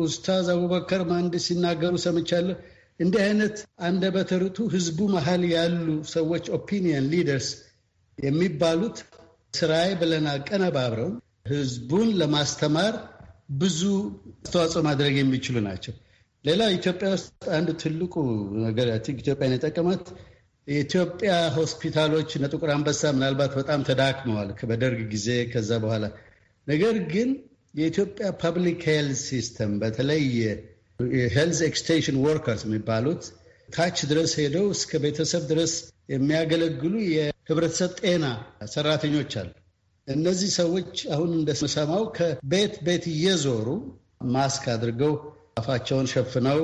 ኡስታዝ አቡበከር ማንድ ሲናገሩ ሰምቻለሁ። እንዲህ አይነት አንድ በተርቱ ህዝቡ መሀል ያሉ ሰዎች ኦፒኒየን ሊደርስ የሚባሉት ስራዬ ብለን አቀነባብረው ህዝቡን ለማስተማር ብዙ አስተዋጽኦ ማድረግ የሚችሉ ናቸው። ሌላ ኢትዮጵያ ውስጥ አንድ ትልቁ ነገር ኢትዮጵያን የጠቀማት የኢትዮጵያ ሆስፒታሎች እነ ጥቁር አንበሳ ምናልባት በጣም ተዳክመዋል በደርግ ጊዜ ከዛ በኋላ። ነገር ግን የኢትዮጵያ ፐብሊክ ሄልዝ ሲስተም በተለይ የሄልዝ ኤክስቴንሽን ወርከርስ የሚባሉት ታች ድረስ ሄደው እስከ ቤተሰብ ድረስ የሚያገለግሉ የህብረተሰብ ጤና ሰራተኞች አሉ። እነዚህ ሰዎች አሁን እንደሰማው ከቤት ቤት እየዞሩ ማስክ አድርገው አፋቸውን ሸፍነው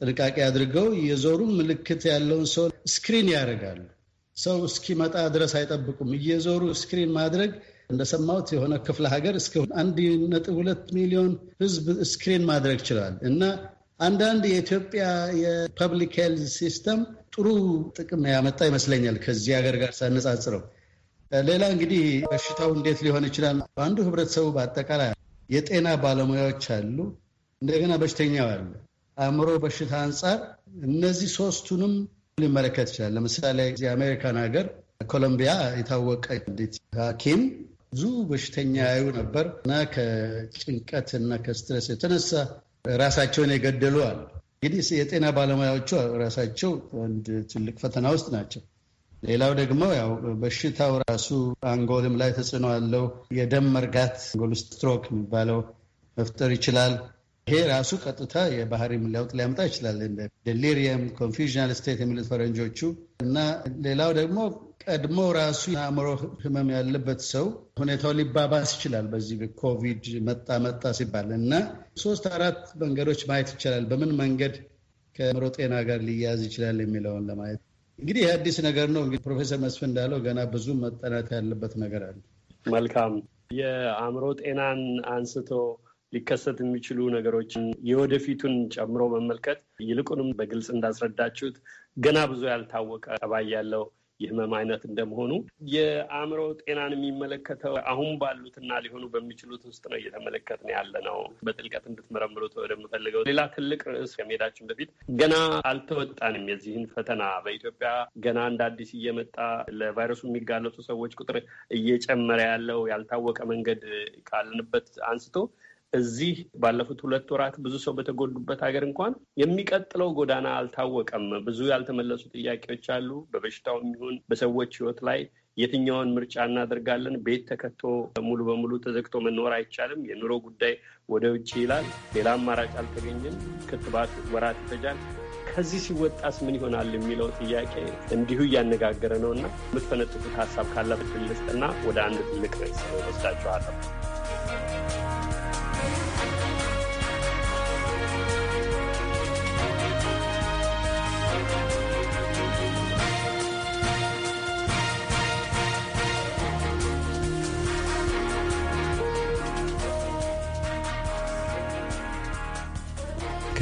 ጥንቃቄ አድርገው እየዞሩ ምልክት ያለውን ሰው ስክሪን ያደርጋሉ። ሰው እስኪመጣ ድረስ አይጠብቁም። እየዞሩ ስክሪን ማድረግ እንደሰማሁት የሆነ ክፍለ ሀገር እስከ አንድ ነጥብ ሁለት ሚሊዮን ህዝብ ስክሪን ማድረግ ችሏል እና አንዳንድ የኢትዮጵያ የፐብሊክ ሄልዝ ሲስተም ጥሩ ጥቅም ያመጣ ይመስለኛል ከዚህ ሀገር ጋር ሳነጻጽረው። ሌላ እንግዲህ በሽታው እንዴት ሊሆን ይችላል? አንዱ ህብረተሰቡ በአጠቃላይ የጤና ባለሙያዎች አሉ፣ እንደገና በሽተኛው አለ፣ አእምሮ በሽታ አንጻር እነዚህ ሶስቱንም ሊመለከት ይችላል። ለምሳሌ አሜሪካን ሀገር ኮሎምቢያ የታወቀ እንዴት ሐኪም ብዙ በሽተኛ ያዩ ነበር እና ከጭንቀት እና ከስትረስ የተነሳ ራሳቸውን የገደሉ አሉ። እንግዲህ የጤና ባለሙያዎቹ ራሳቸው አንድ ትልቅ ፈተና ውስጥ ናቸው። ሌላው ደግሞ ያው በሽታው ራሱ አንጎልም ላይ ተጽዕኖ አለው። የደም መርጋት አንጎል ስትሮክ የሚባለው መፍጠር ይችላል። ይሄ ራሱ ቀጥታ የባህሪ ለውጥ ሊያመጣ ይችላል። ደሊሪየም ኮንፊዥናል ስቴት የሚሉት ፈረንጆቹ እና ሌላው ደግሞ ቀድሞ ራሱ የአእምሮ ህመም ያለበት ሰው ሁኔታው ሊባባስ ይችላል። በዚህ ኮቪድ መጣ መጣ ሲባል እና ሶስት አራት መንገዶች ማየት ይቻላል። በምን መንገድ ከአእምሮ ጤና ጋር ሊያያዝ ይችላል የሚለውን ለማየት እንግዲህ አዲስ ነገር ነው። እንግዲህ ፕሮፌሰር መስፍን እንዳለው ገና ብዙ መጠናት ያለበት ነገር አለ። መልካም የአእምሮ ጤናን አንስቶ ሊከሰት የሚችሉ ነገሮችን የወደፊቱን ጨምሮ መመልከት ይልቁንም በግልጽ እንዳስረዳችሁት ገና ብዙ ያልታወቀ ጠባይ ያለው የህመም አይነት እንደመሆኑ የአእምሮ ጤናን የሚመለከተው አሁን ባሉትና ሊሆኑ በሚችሉት ውስጥ ነው እየተመለከትን ያለ ነው። በጥልቀት እንድትመረምሩት ወደምፈልገው ሌላ ትልቅ ርዕስ ከመሄዳችን በፊት ገና አልተወጣንም የዚህን ፈተና። በኢትዮጵያ ገና እንደ አዲስ እየመጣ ለቫይረሱ የሚጋለጡ ሰዎች ቁጥር እየጨመረ ያለው ያልታወቀ መንገድ ካለንበት አንስቶ እዚህ ባለፉት ሁለት ወራት ብዙ ሰው በተጎዱበት ሀገር እንኳን የሚቀጥለው ጎዳና አልታወቀም። ብዙ ያልተመለሱ ጥያቄዎች አሉ። በበሽታው የሚሆን በሰዎች ሕይወት ላይ የትኛውን ምርጫ እናደርጋለን? ቤት ተከቶ ሙሉ በሙሉ ተዘግቶ መኖር አይቻልም። የኑሮ ጉዳይ ወደ ውጭ ይላል። ሌላ አማራጭ አልተገኘም። ክትባት ወራት ይፈጃል። ከዚህ ሲወጣስ ምን ይሆናል የሚለው ጥያቄ እንዲሁ እያነጋገረ ነው እና የምትፈነጥቁት ሀሳብ ካላበት ወደ አንድ ትልቅ ርዕስ ወስዳችኋለሁ።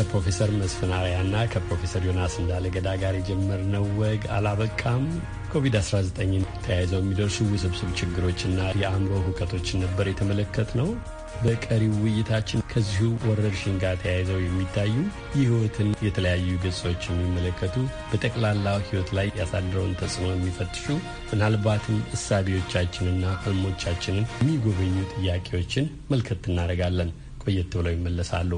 ከፕሮፌሰር መስፍን አርያና ከፕሮፌሰር ዮናስ እንዳለገዳ ጋር የጀመርነው ወግ አላበቃም። ኮቪድ-19 ተያይዘው የሚደርሱ ውስብስብ ችግሮችና የአእምሮ ሁከቶችን ነበር የተመለከት ነው። በቀሪው ውይይታችን ከዚሁ ወረርሽኝ ጋር ተያይዘው የሚታዩ የህይወትን የተለያዩ ገጾች የሚመለከቱ በጠቅላላው ህይወት ላይ ያሳደረውን ተጽዕኖ የሚፈትሹ ምናልባትም እሳቢዎቻችንና ህልሞቻችንን የሚጎበኙ ጥያቄዎችን መልከት እናደርጋለን። ቆየት ብለው ይመለሳሉ።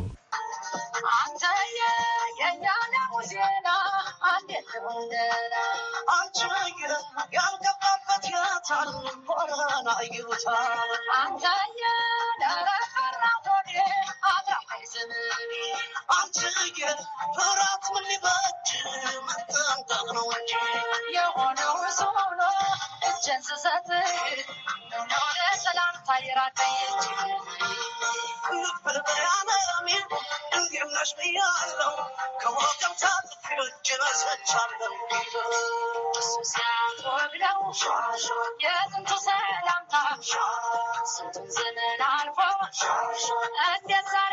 I'm የጥንቱ ሰላምታ ስንቱን ዘመን አልፎ እንዴት ዛሬ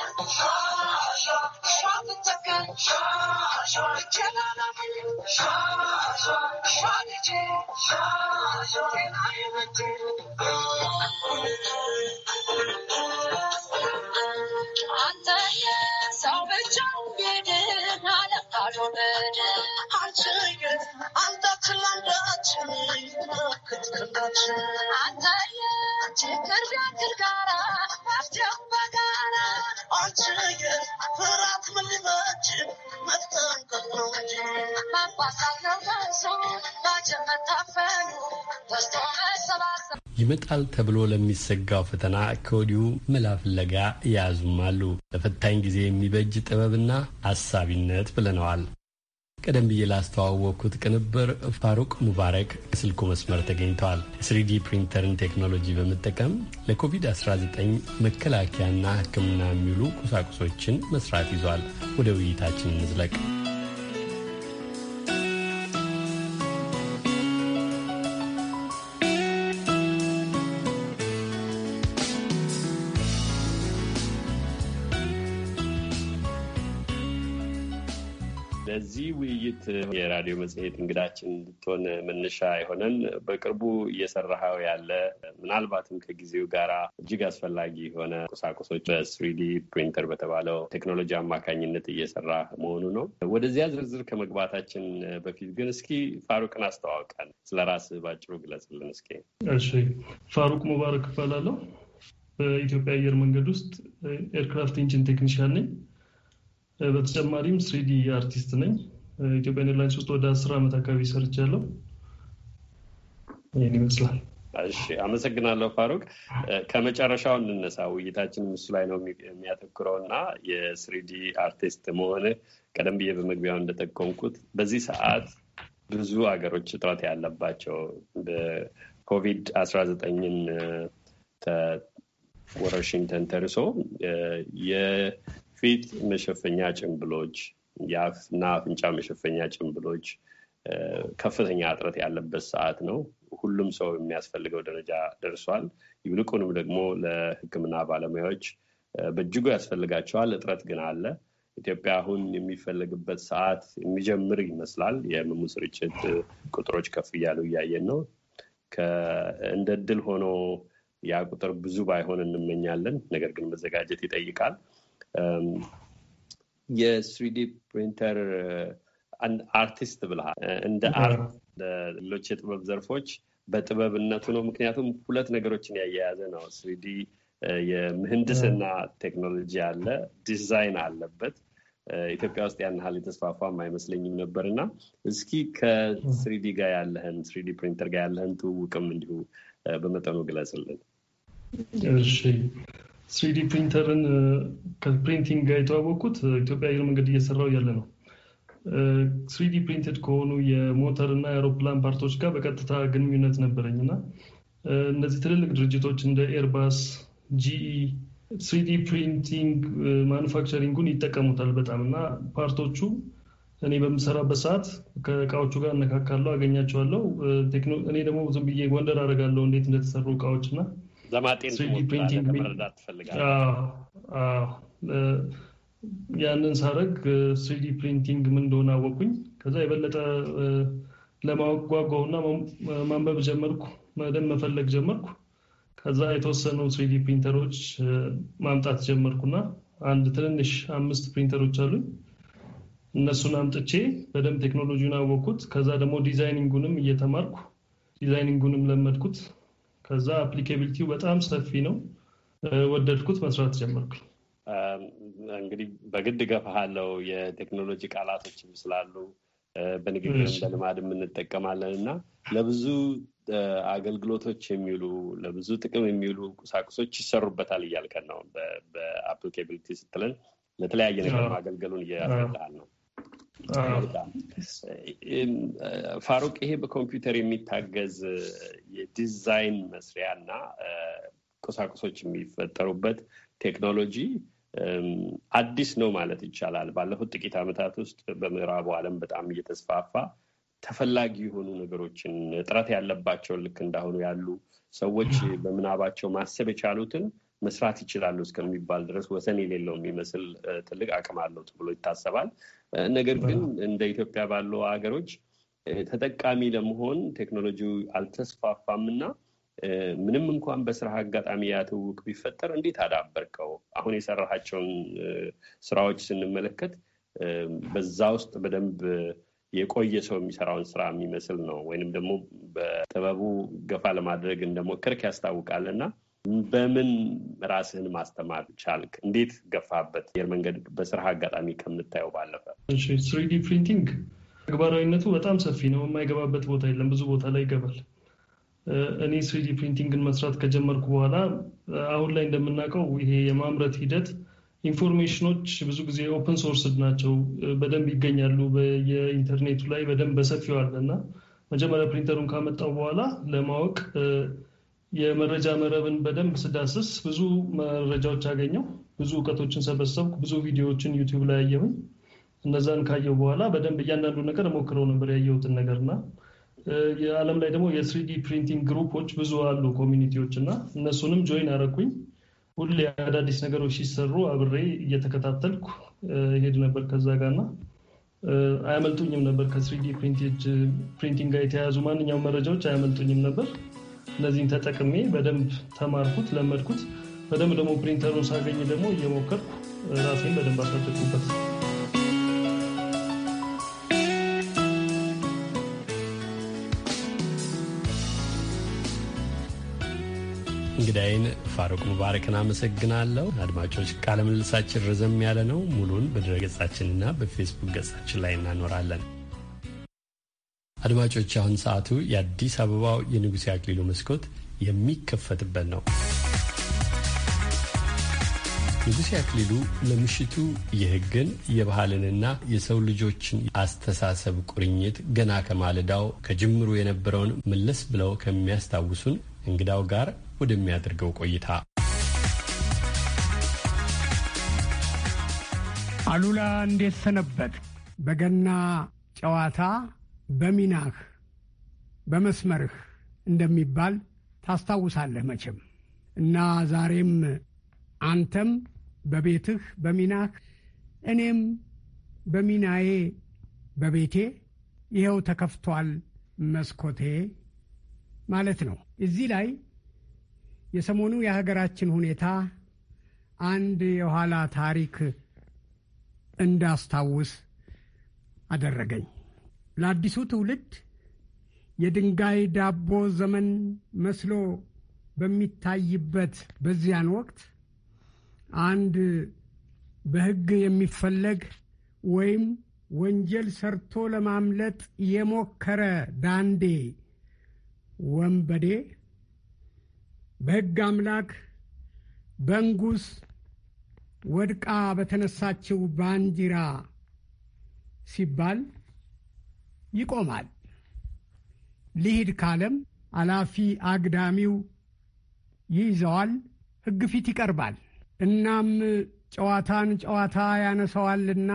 Şarjı takın. Şarjı hala kararını harcayın aldatılan açın kıt kıt açın Antalya çıkır kırgara harcayın ይመጣል ተብሎ ለሚሰጋው ፈተና ከወዲሁ መላ ፍለጋ ያዙም አሉ። ለፈታኝ ጊዜ የሚበጅ ጥበብና አሳቢነት ብለነዋል። ቀደም ብዬ ላስተዋወቅኩት ቅንብር ፋሩቅ ሙባረክ ስልኩ መስመር ተገኝተዋል። ስሪዲ ፕሪንተርን ቴክኖሎጂ በመጠቀም ለኮቪድ-19 መከላከያና ሕክምና የሚውሉ ቁሳቁሶችን መስራት ይዟል። ወደ ውይይታችን እንዝለቅ። በፊት የራዲዮ መጽሔት እንግዳችን እንድትሆን መነሻ የሆነን በቅርቡ እየሰራኸው ያለ ምናልባትም ከጊዜው ጋር እጅግ አስፈላጊ የሆነ ቁሳቁሶች በስሪዲ ፕሪንተር በተባለው ቴክኖሎጂ አማካኝነት እየሰራ መሆኑ ነው። ወደዚያ ዝርዝር ከመግባታችን በፊት ግን እስኪ ፋሩቅን አስተዋውቀን፣ ስለ ራስህ ባጭሩ ግለጽልን እስኪ። እሺ፣ ፋሩቅ ሙባረክ እባላለሁ። በኢትዮጵያ አየር መንገድ ውስጥ ኤርክራፍት ኢንጂን ቴክኒሽያን ነኝ። በተጨማሪም ስሪዲ አርቲስት ነኝ። ኢትዮጵያን ኤርላይንስ ውስጥ ወደ አስር ዓመት አካባቢ ሰርቻለሁ። ይህን ይመስላል። እሺ፣ አመሰግናለሁ ፋሩቅ። ከመጨረሻው እንነሳ። ውይይታችን እሱ ላይ ነው የሚያተኩረው እና የስሪዲ አርቲስት መሆንህ ቀደም ብዬ በመግቢያው እንደጠቆምኩት በዚህ ሰዓት ብዙ ሀገሮች እጥረት ያለባቸው በኮቪድ አስራ ዘጠኝን ወረርሽኝ ተንተርሶ የፊት መሸፈኛ ጭንብሎች የአፍና አፍንጫ መሸፈኛ ጭንብሎች ከፍተኛ እጥረት ያለበት ሰዓት ነው። ሁሉም ሰው የሚያስፈልገው ደረጃ ደርሷል። ይልቁንም ደግሞ ለሕክምና ባለሙያዎች በእጅጉ ያስፈልጋቸዋል። እጥረት ግን አለ። ኢትዮጵያ አሁን የሚፈለግበት ሰዓት የሚጀምር ይመስላል። የህመሙ ስርጭት ቁጥሮች ከፍ እያሉ እያየን ነው። እንደ ድል ሆኖ ያ ቁጥር ብዙ ባይሆን እንመኛለን። ነገር ግን መዘጋጀት ይጠይቃል። የስሪዲ ፕሪንተር አርቲስት ብልሃል እንደ አርት ሌሎች የጥበብ ዘርፎች በጥበብነቱ ነው። ምክንያቱም ሁለት ነገሮችን ያያያዘ ነው። ስሪዲ የምህንድስና ቴክኖሎጂ አለ፣ ዲዛይን አለበት። ኢትዮጵያ ውስጥ ያን ያህል የተስፋፋም አይመስለኝም ነበር እና እስኪ ከስሪዲ ጋር ያለህን ስሪዲ ፕሪንተር ጋር ያለህን ትውውቅም እንዲሁ በመጠኑ ግለጽልን። እሺ ስሪዲ ፕሪንተርን ከፕሪንቲንግ ጋር የተዋወቅኩት ኢትዮጵያ አየር መንገድ እየሰራው ያለ ነው። ስሪዲ ፕሪንትድ ከሆኑ የሞተር እና የአውሮፕላን ፓርቶች ጋር በቀጥታ ግንኙነት ነበረኝ እና እነዚህ ትልልቅ ድርጅቶች እንደ ኤርባስ፣ ጂኢ ስሪዲ ፕሪንቲንግ ማኑፋክቸሪንጉን ይጠቀሙታል በጣም እና ፓርቶቹ እኔ በምሰራበት ሰዓት ከእቃዎቹ ጋር እነካካለሁ፣ አገኛቸዋለሁ። እኔ ደግሞ ዝም ብዬ ጎንደር አደርጋለሁ እንዴት እንደተሰሩ እቃዎች እና ለማጤን መረዳት ትፈልጋለህ። ያንን ሳረግ ስሪዲ ፕሪንቲንግ ምን እንደሆነ አወቁኝ። ከዛ የበለጠ ለማወቅ ማንበብ ጀመርኩ፣ መደም መፈለግ ጀመርኩ። ከዛ የተወሰኑ ስሪዲ ፕሪንተሮች ማምጣት ጀመርኩና አንድ ትንንሽ አምስት ፕሪንተሮች አሉኝ። እነሱን አምጥቼ በደንብ ቴክኖሎጂውን አወቅኩት። ከዛ ደግሞ ዲዛይኒንጉንም እየተማርኩ ዲዛይኒንጉንም ለመድኩት። ከዛ አፕሊኬቢሊቲው በጣም ሰፊ ነው። ወደድኩት፣ መስራት ጀመርኩ። እንግዲህ በግድ ገፋሃለው የቴክኖሎጂ ቃላቶችም ስላሉ በንግግር በልማድ እንጠቀማለን እና ለብዙ አገልግሎቶች የሚውሉ ለብዙ ጥቅም የሚውሉ ቁሳቁሶች ይሰሩበታል እያልከን ነው። በአፕሊኬቢሊቲ ስትለን ለተለያየ ነገር ማገልገሉን እያስረዳሃል ነው። ፋሩቅ፣ ይሄ በኮምፒውተር የሚታገዝ የዲዛይን መስሪያ እና ቁሳቁሶች የሚፈጠሩበት ቴክኖሎጂ አዲስ ነው ማለት ይቻላል። ባለፉት ጥቂት ዓመታት ውስጥ በምዕራቡ ዓለም በጣም እየተስፋፋ ተፈላጊ የሆኑ ነገሮችን እጥረት ያለባቸውን ልክ እንዳሁኑ ያሉ ሰዎች በምናባቸው ማሰብ የቻሉትን መስራት ይችላሉ እስከሚባል ድረስ ወሰን የሌለው የሚመስል ትልቅ አቅም አለው ተብሎ ይታሰባል። ነገር ግን እንደ ኢትዮጵያ ባሉ ሀገሮች ተጠቃሚ ለመሆን ቴክኖሎጂው አልተስፋፋም እና ምንም እንኳን በስራ አጋጣሚ ያትውቅ ቢፈጠር እንዴት አዳበርከው? አሁን የሰራሃቸውን ስራዎች ስንመለከት በዛ ውስጥ በደንብ የቆየ ሰው የሚሰራውን ስራ የሚመስል ነው፣ ወይንም ደግሞ በጥበቡ ገፋ ለማድረግ እንደሞከርክ ያስታውቃል እና በምን ራስህን ማስተማር ቻልክ? እንዴት ገፋበት? አየር መንገድ በስራ አጋጣሚ ከምታየው ባለፈ ስሪዲ ፕሪንቲንግ ተግባራዊነቱ በጣም ሰፊ ነው። የማይገባበት ቦታ የለም። ብዙ ቦታ ላይ ይገባል። እኔ ስሪዲ ፕሪንቲንግን መስራት ከጀመርኩ በኋላ አሁን ላይ እንደምናውቀው ይሄ የማምረት ሂደት ኢንፎርሜሽኖች ብዙ ጊዜ ኦፕን ሶርስድ ናቸው፣ በደንብ ይገኛሉ። የኢንተርኔቱ ላይ በደንብ በሰፊው አለ እና መጀመሪያ ፕሪንተሩን ካመጣው በኋላ ለማወቅ የመረጃ መረብን በደንብ ስዳስስ ብዙ መረጃዎች አገኘው፣ ብዙ እውቀቶችን ሰበሰብኩ፣ ብዙ ቪዲዮዎችን ዩቲዩብ ላይ አየሁኝ። እነዛን ካየው በኋላ በደንብ እያንዳንዱ ነገር ሞክረው ነበር ያየሁትን ነገርና የዓለም ላይ ደግሞ የስሪዲ ፕሪንቲንግ ግሩፖች ብዙ አሉ ኮሚኒቲዎች እና እነሱንም ጆይን አረኩኝ። ሁሌ አዳዲስ ነገሮች ሲሰሩ አብሬ እየተከታተልኩ ሄድ ነበር ከዛ ጋር እና አያመልጡኝም ነበር ከስሪዲ ፕሪንቲንግ ጋር የተያያዙ ማንኛውም መረጃዎች አያመልጡኝም ነበር። እነዚህን ተጠቅሜ በደንብ ተማርኩት፣ ለመድኩት። በደንብ ደግሞ ፕሪንተሩን ሳገኝ ደግሞ እየሞከርኩ ራሴን በደንብ አሳደግኩበት። እንግዳይን ፋሩቅ ሙባረክን አመሰግናለሁ። አድማጮች ቃለ ምልልሳችን ረዘም ያለ ነው። ሙሉን በድረገጻችንና በፌስቡክ ገጻችን ላይ እናኖራለን። አድማጮች፣ አሁን ሰዓቱ የአዲስ አበባው የንጉሴ አክሊሉ መስኮት የሚከፈትበት ነው። ንጉሴ አክሊሉ ለምሽቱ የሕግን የባህልንና የሰው ልጆችን አስተሳሰብ ቁርኝት ገና ከማለዳው ከጅምሩ የነበረውን መለስ ብለው ከሚያስታውሱን እንግዳው ጋር ወደሚያደርገው ቆይታ አሉላ እንዴት ሰነበት? በገና ጨዋታ በሚናህ በመስመርህ እንደሚባል ታስታውሳለህ መቼም እና ዛሬም አንተም በቤትህ በሚናህ እኔም በሚናዬ በቤቴ ይኸው ተከፍቷል መስኮቴ ማለት ነው። እዚህ ላይ የሰሞኑ የሀገራችን ሁኔታ አንድ የኋላ ታሪክ እንዳስታውስ አደረገኝ። ለአዲሱ ትውልድ የድንጋይ ዳቦ ዘመን መስሎ በሚታይበት በዚያን ወቅት አንድ በሕግ የሚፈለግ ወይም ወንጀል ሰርቶ ለማምለጥ የሞከረ ዳንዴ ወንበዴ በሕግ አምላክ በንጉሥ ወድቃ በተነሳችው ባንዲራ ሲባል ይቆማል። ሊሂድ ካለም አላፊ አግዳሚው ይይዘዋል፣ ሕግ ፊት ይቀርባል። እናም ጨዋታን ጨዋታ ያነሰዋልና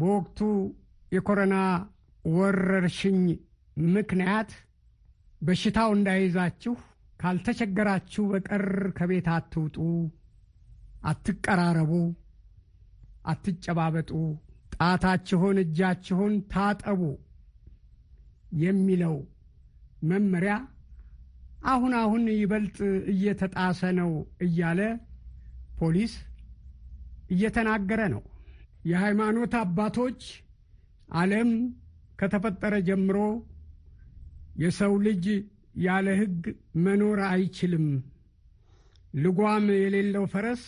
በወቅቱ የኮሮና ወረርሽኝ ምክንያት በሽታው እንዳይዛችሁ ካልተቸገራችሁ በቀር ከቤት አትውጡ፣ አትቀራረቡ፣ አትጨባበጡ ጣታችሁን፣ እጃችሁን ታጠቡ የሚለው መመሪያ አሁን አሁን ይበልጥ እየተጣሰ ነው እያለ ፖሊስ እየተናገረ ነው። የሃይማኖት አባቶች ዓለም ከተፈጠረ ጀምሮ የሰው ልጅ ያለ ሕግ መኖር አይችልም፣ ልጓም የሌለው ፈረስ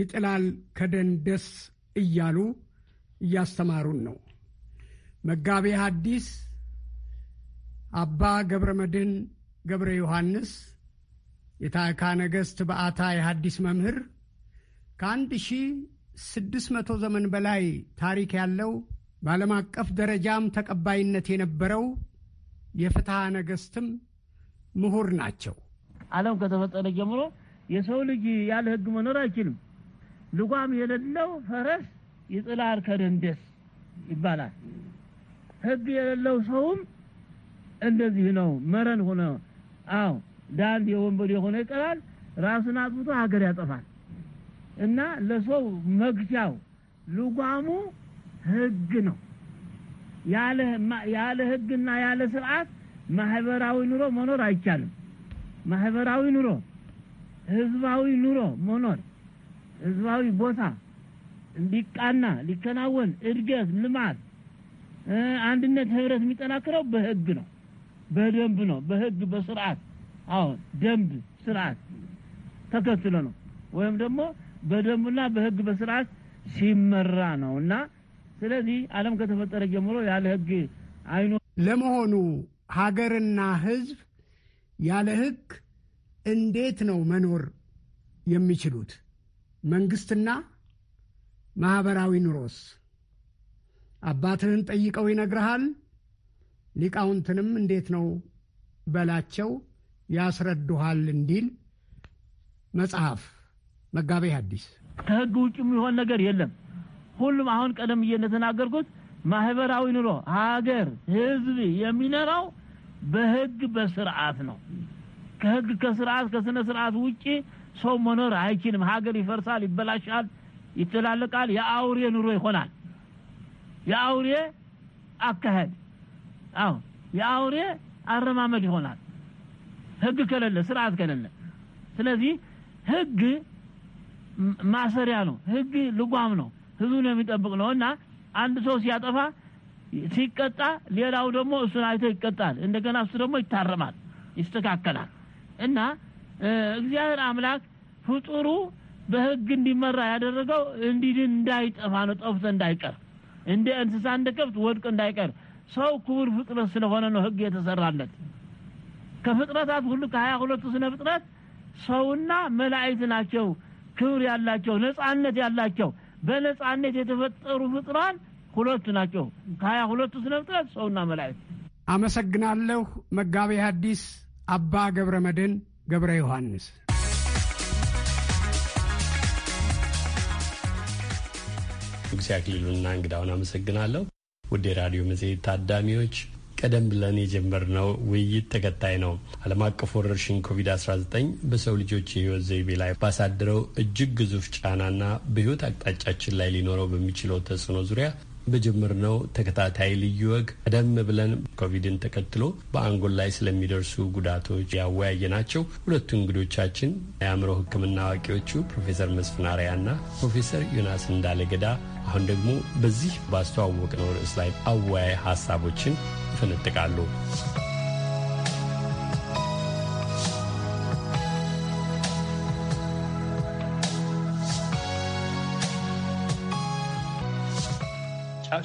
ይጥላል ከደን ደስ እያሉ እያስተማሩን ነው። መጋቤ ሐዲስ አባ ገብረ መድን ገብረ ዮሐንስ የታዕካ ነገሥት በዓታ የሐዲስ መምህር ከአንድ ሺ ስድስት መቶ ዘመን በላይ ታሪክ ያለው በዓለም አቀፍ ደረጃም ተቀባይነት የነበረው የፍትሐ ነገሥትም ምሁር ናቸው። ዓለም ከተፈጠረ ጀምሮ የሰው ልጅ ያለ ሕግ መኖር አይችልም። ልጓም የሌለው ፈረስ ይጥላል ከደንደስ ደስ ይባላል። ህግ የሌለው ሰውም እንደዚህ ነው። መረን ሆነ። አዎ ዳንድ የወንበዴ የሆነ ይቀራል። ራሱን አጥፍቶ ሀገር ያጠፋል። እና ለሰው መግቻው ልጓሙ ህግ ነው። ያለ ህግና ያለ ስርዓት ማህበራዊ ኑሮ መኖር አይቻልም። ማህበራዊ ኑሮ፣ ህዝባዊ ኑሮ መኖር ህዝባዊ ቦታ ሊቃና ሊከናወን እድገት፣ ልማት፣ አንድነት፣ ህብረት የሚጠናክረው በህግ ነው፣ በደንብ ነው፣ በህግ በስርዓት አሁን ደንብ ስርዓት ተከትሎ ነው ወይም ደግሞ በደንብና በህግ በስርዓት ሲመራ ነው እና ስለዚህ ዓለም ከተፈጠረ ጀምሮ ያለ ህግ አይኖ ለመሆኑ ሀገርና ህዝብ ያለ ህግ እንዴት ነው መኖር የሚችሉት? መንግስትና ማኅበራዊ ኑሮስ? አባትህን ጠይቀው ይነግረሃል ሊቃውንትንም እንዴት ነው በላቸው ያስረዱሃል እንዲል መጽሐፍ መጋቤ ሐዲስ ከሕግ ውጭ የሚሆን ነገር የለም። ሁሉም አሁን ቀደም ብዬ እንደተናገርኩት ማህበራዊ ኑሮ ሀገር፣ ህዝብ የሚኖረው በህግ በስርዓት ነው። ከህግ ከስርዓት ከስነ ስርዓት ውጭ ሰው መኖር አይችልም። ሀገር ይፈርሳል፣ ይበላሻል፣ ይተላለቃል። የአውሬ ኑሮ ይሆናል። የአውሬ አካሄድ፣ አዎ የአውሬ አረማመድ ይሆናል። ህግ ከሌለ፣ ስርዓት ከሌለ። ስለዚህ ህግ ማሰሪያ ነው። ህግ ልጓም ነው። ህዝቡን የሚጠብቅ ነው እና አንድ ሰው ሲያጠፋ ሲቀጣ፣ ሌላው ደግሞ እሱን አይቶ ይቀጣል። እንደገና እሱ ደግሞ ይታረማል፣ ይስተካከላል እና እግዚአብሔር አምላክ ፍጡሩ በህግ እንዲመራ ያደረገው እንዲድን እንዳይጠፋ ነው፣ ጠፍቶ እንዳይቀር እንደ እንስሳ እንደ ከብት ወድቆ እንዳይቀር። ሰው ክቡር ፍጥረት ስለሆነ ነው ህግ የተሰራለት። ከፍጥረታት ሁሉ ከሀያ ሁለቱ ስነ ፍጥረት ሰውና መላእክት ናቸው ክብር ያላቸው ነጻነት ያላቸው በነጻነት የተፈጠሩ ፍጥራን ሁለቱ ናቸው። ከሀያ ሁለቱ ስነ ፍጥረት ሰውና መላእክት። አመሰግናለሁ መጋቤ ሐዲስ አባ ገብረ መድን ገብረ ዮሐንስ። ንጉሴ አክሊሉና እንግዳውን አመሰግናለሁ። ውድ የራዲዮ መጽሔት ታዳሚዎች ቀደም ብለን የጀመርነው ውይይት ተከታይ ነው። ዓለም አቀፍ ወረርሽኝ ኮቪድ-19 በሰው ልጆች የህይወት ዘይቤ ላይ ባሳደረው እጅግ ግዙፍ ጫናና በህይወት አቅጣጫችን ላይ ሊኖረው በሚችለው ተጽዕኖ ዙሪያ በጀመርነው ተከታታይ ልዩ ወግ ቀደም ብለን ኮቪድን ተከትሎ በአንጎል ላይ ስለሚደርሱ ጉዳቶች ያወያየ ናቸው ሁለቱ እንግዶቻችን የአእምሮ ሕክምና አዋቂዎቹ ፕሮፌሰር መስፍን አርአያና ፕሮፌሰር ዮናስ እንዳለገዳ አሁን ደግሞ በዚህ ባስተዋወቅነው ርዕስ ላይ አወያይ ሀሳቦችን ይፈነጥቃሉ።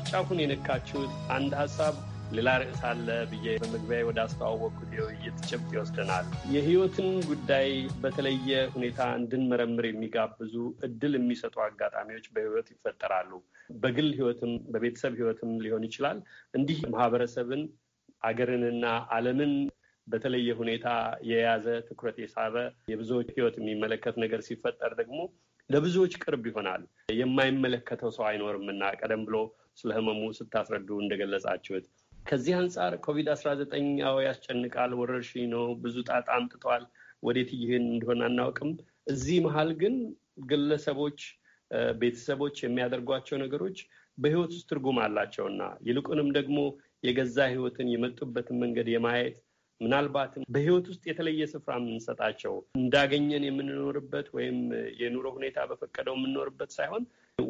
ጫፍ የነካችሁት አንድ ሀሳብ ሌላ ርዕስ አለ ብዬ በመግቢያ ወደ አስተዋወቅኩት የውይይት ጭብጥ ይወስደናል። የህይወትን ጉዳይ በተለየ ሁኔታ እንድንመረምር የሚጋብዙ እድል የሚሰጡ አጋጣሚዎች በህይወት ይፈጠራሉ። በግል ህይወትም በቤተሰብ ህይወትም ሊሆን ይችላል። እንዲህ ማህበረሰብን አገርንና ዓለምን በተለየ ሁኔታ የያዘ ትኩረት የሳበ የብዙዎች ህይወት የሚመለከት ነገር ሲፈጠር ደግሞ ለብዙዎች ቅርብ ይሆናል። የማይመለከተው ሰው አይኖርምና ቀደም ብሎ ስለ ህመሙ ስታስረዱ እንደገለጻችሁት ከዚህ አንጻር ኮቪድ-19 ያው ያስጨንቃል፣ ወረርሽኝ ነው፣ ብዙ ጣጣ አምጥተዋል፣ ወዴት ይህን እንደሆነ አናውቅም። እዚህ መሀል ግን ግለሰቦች፣ ቤተሰቦች የሚያደርጓቸው ነገሮች በህይወት ውስጥ ትርጉም አላቸውና ይልቁንም ደግሞ የገዛ ህይወትን የመጡበትን መንገድ የማየት ምናልባትም በህይወት ውስጥ የተለየ ስፍራ የምንሰጣቸው እንዳገኘን የምንኖርበት ወይም የኑሮ ሁኔታ በፈቀደው የምንኖርበት ሳይሆን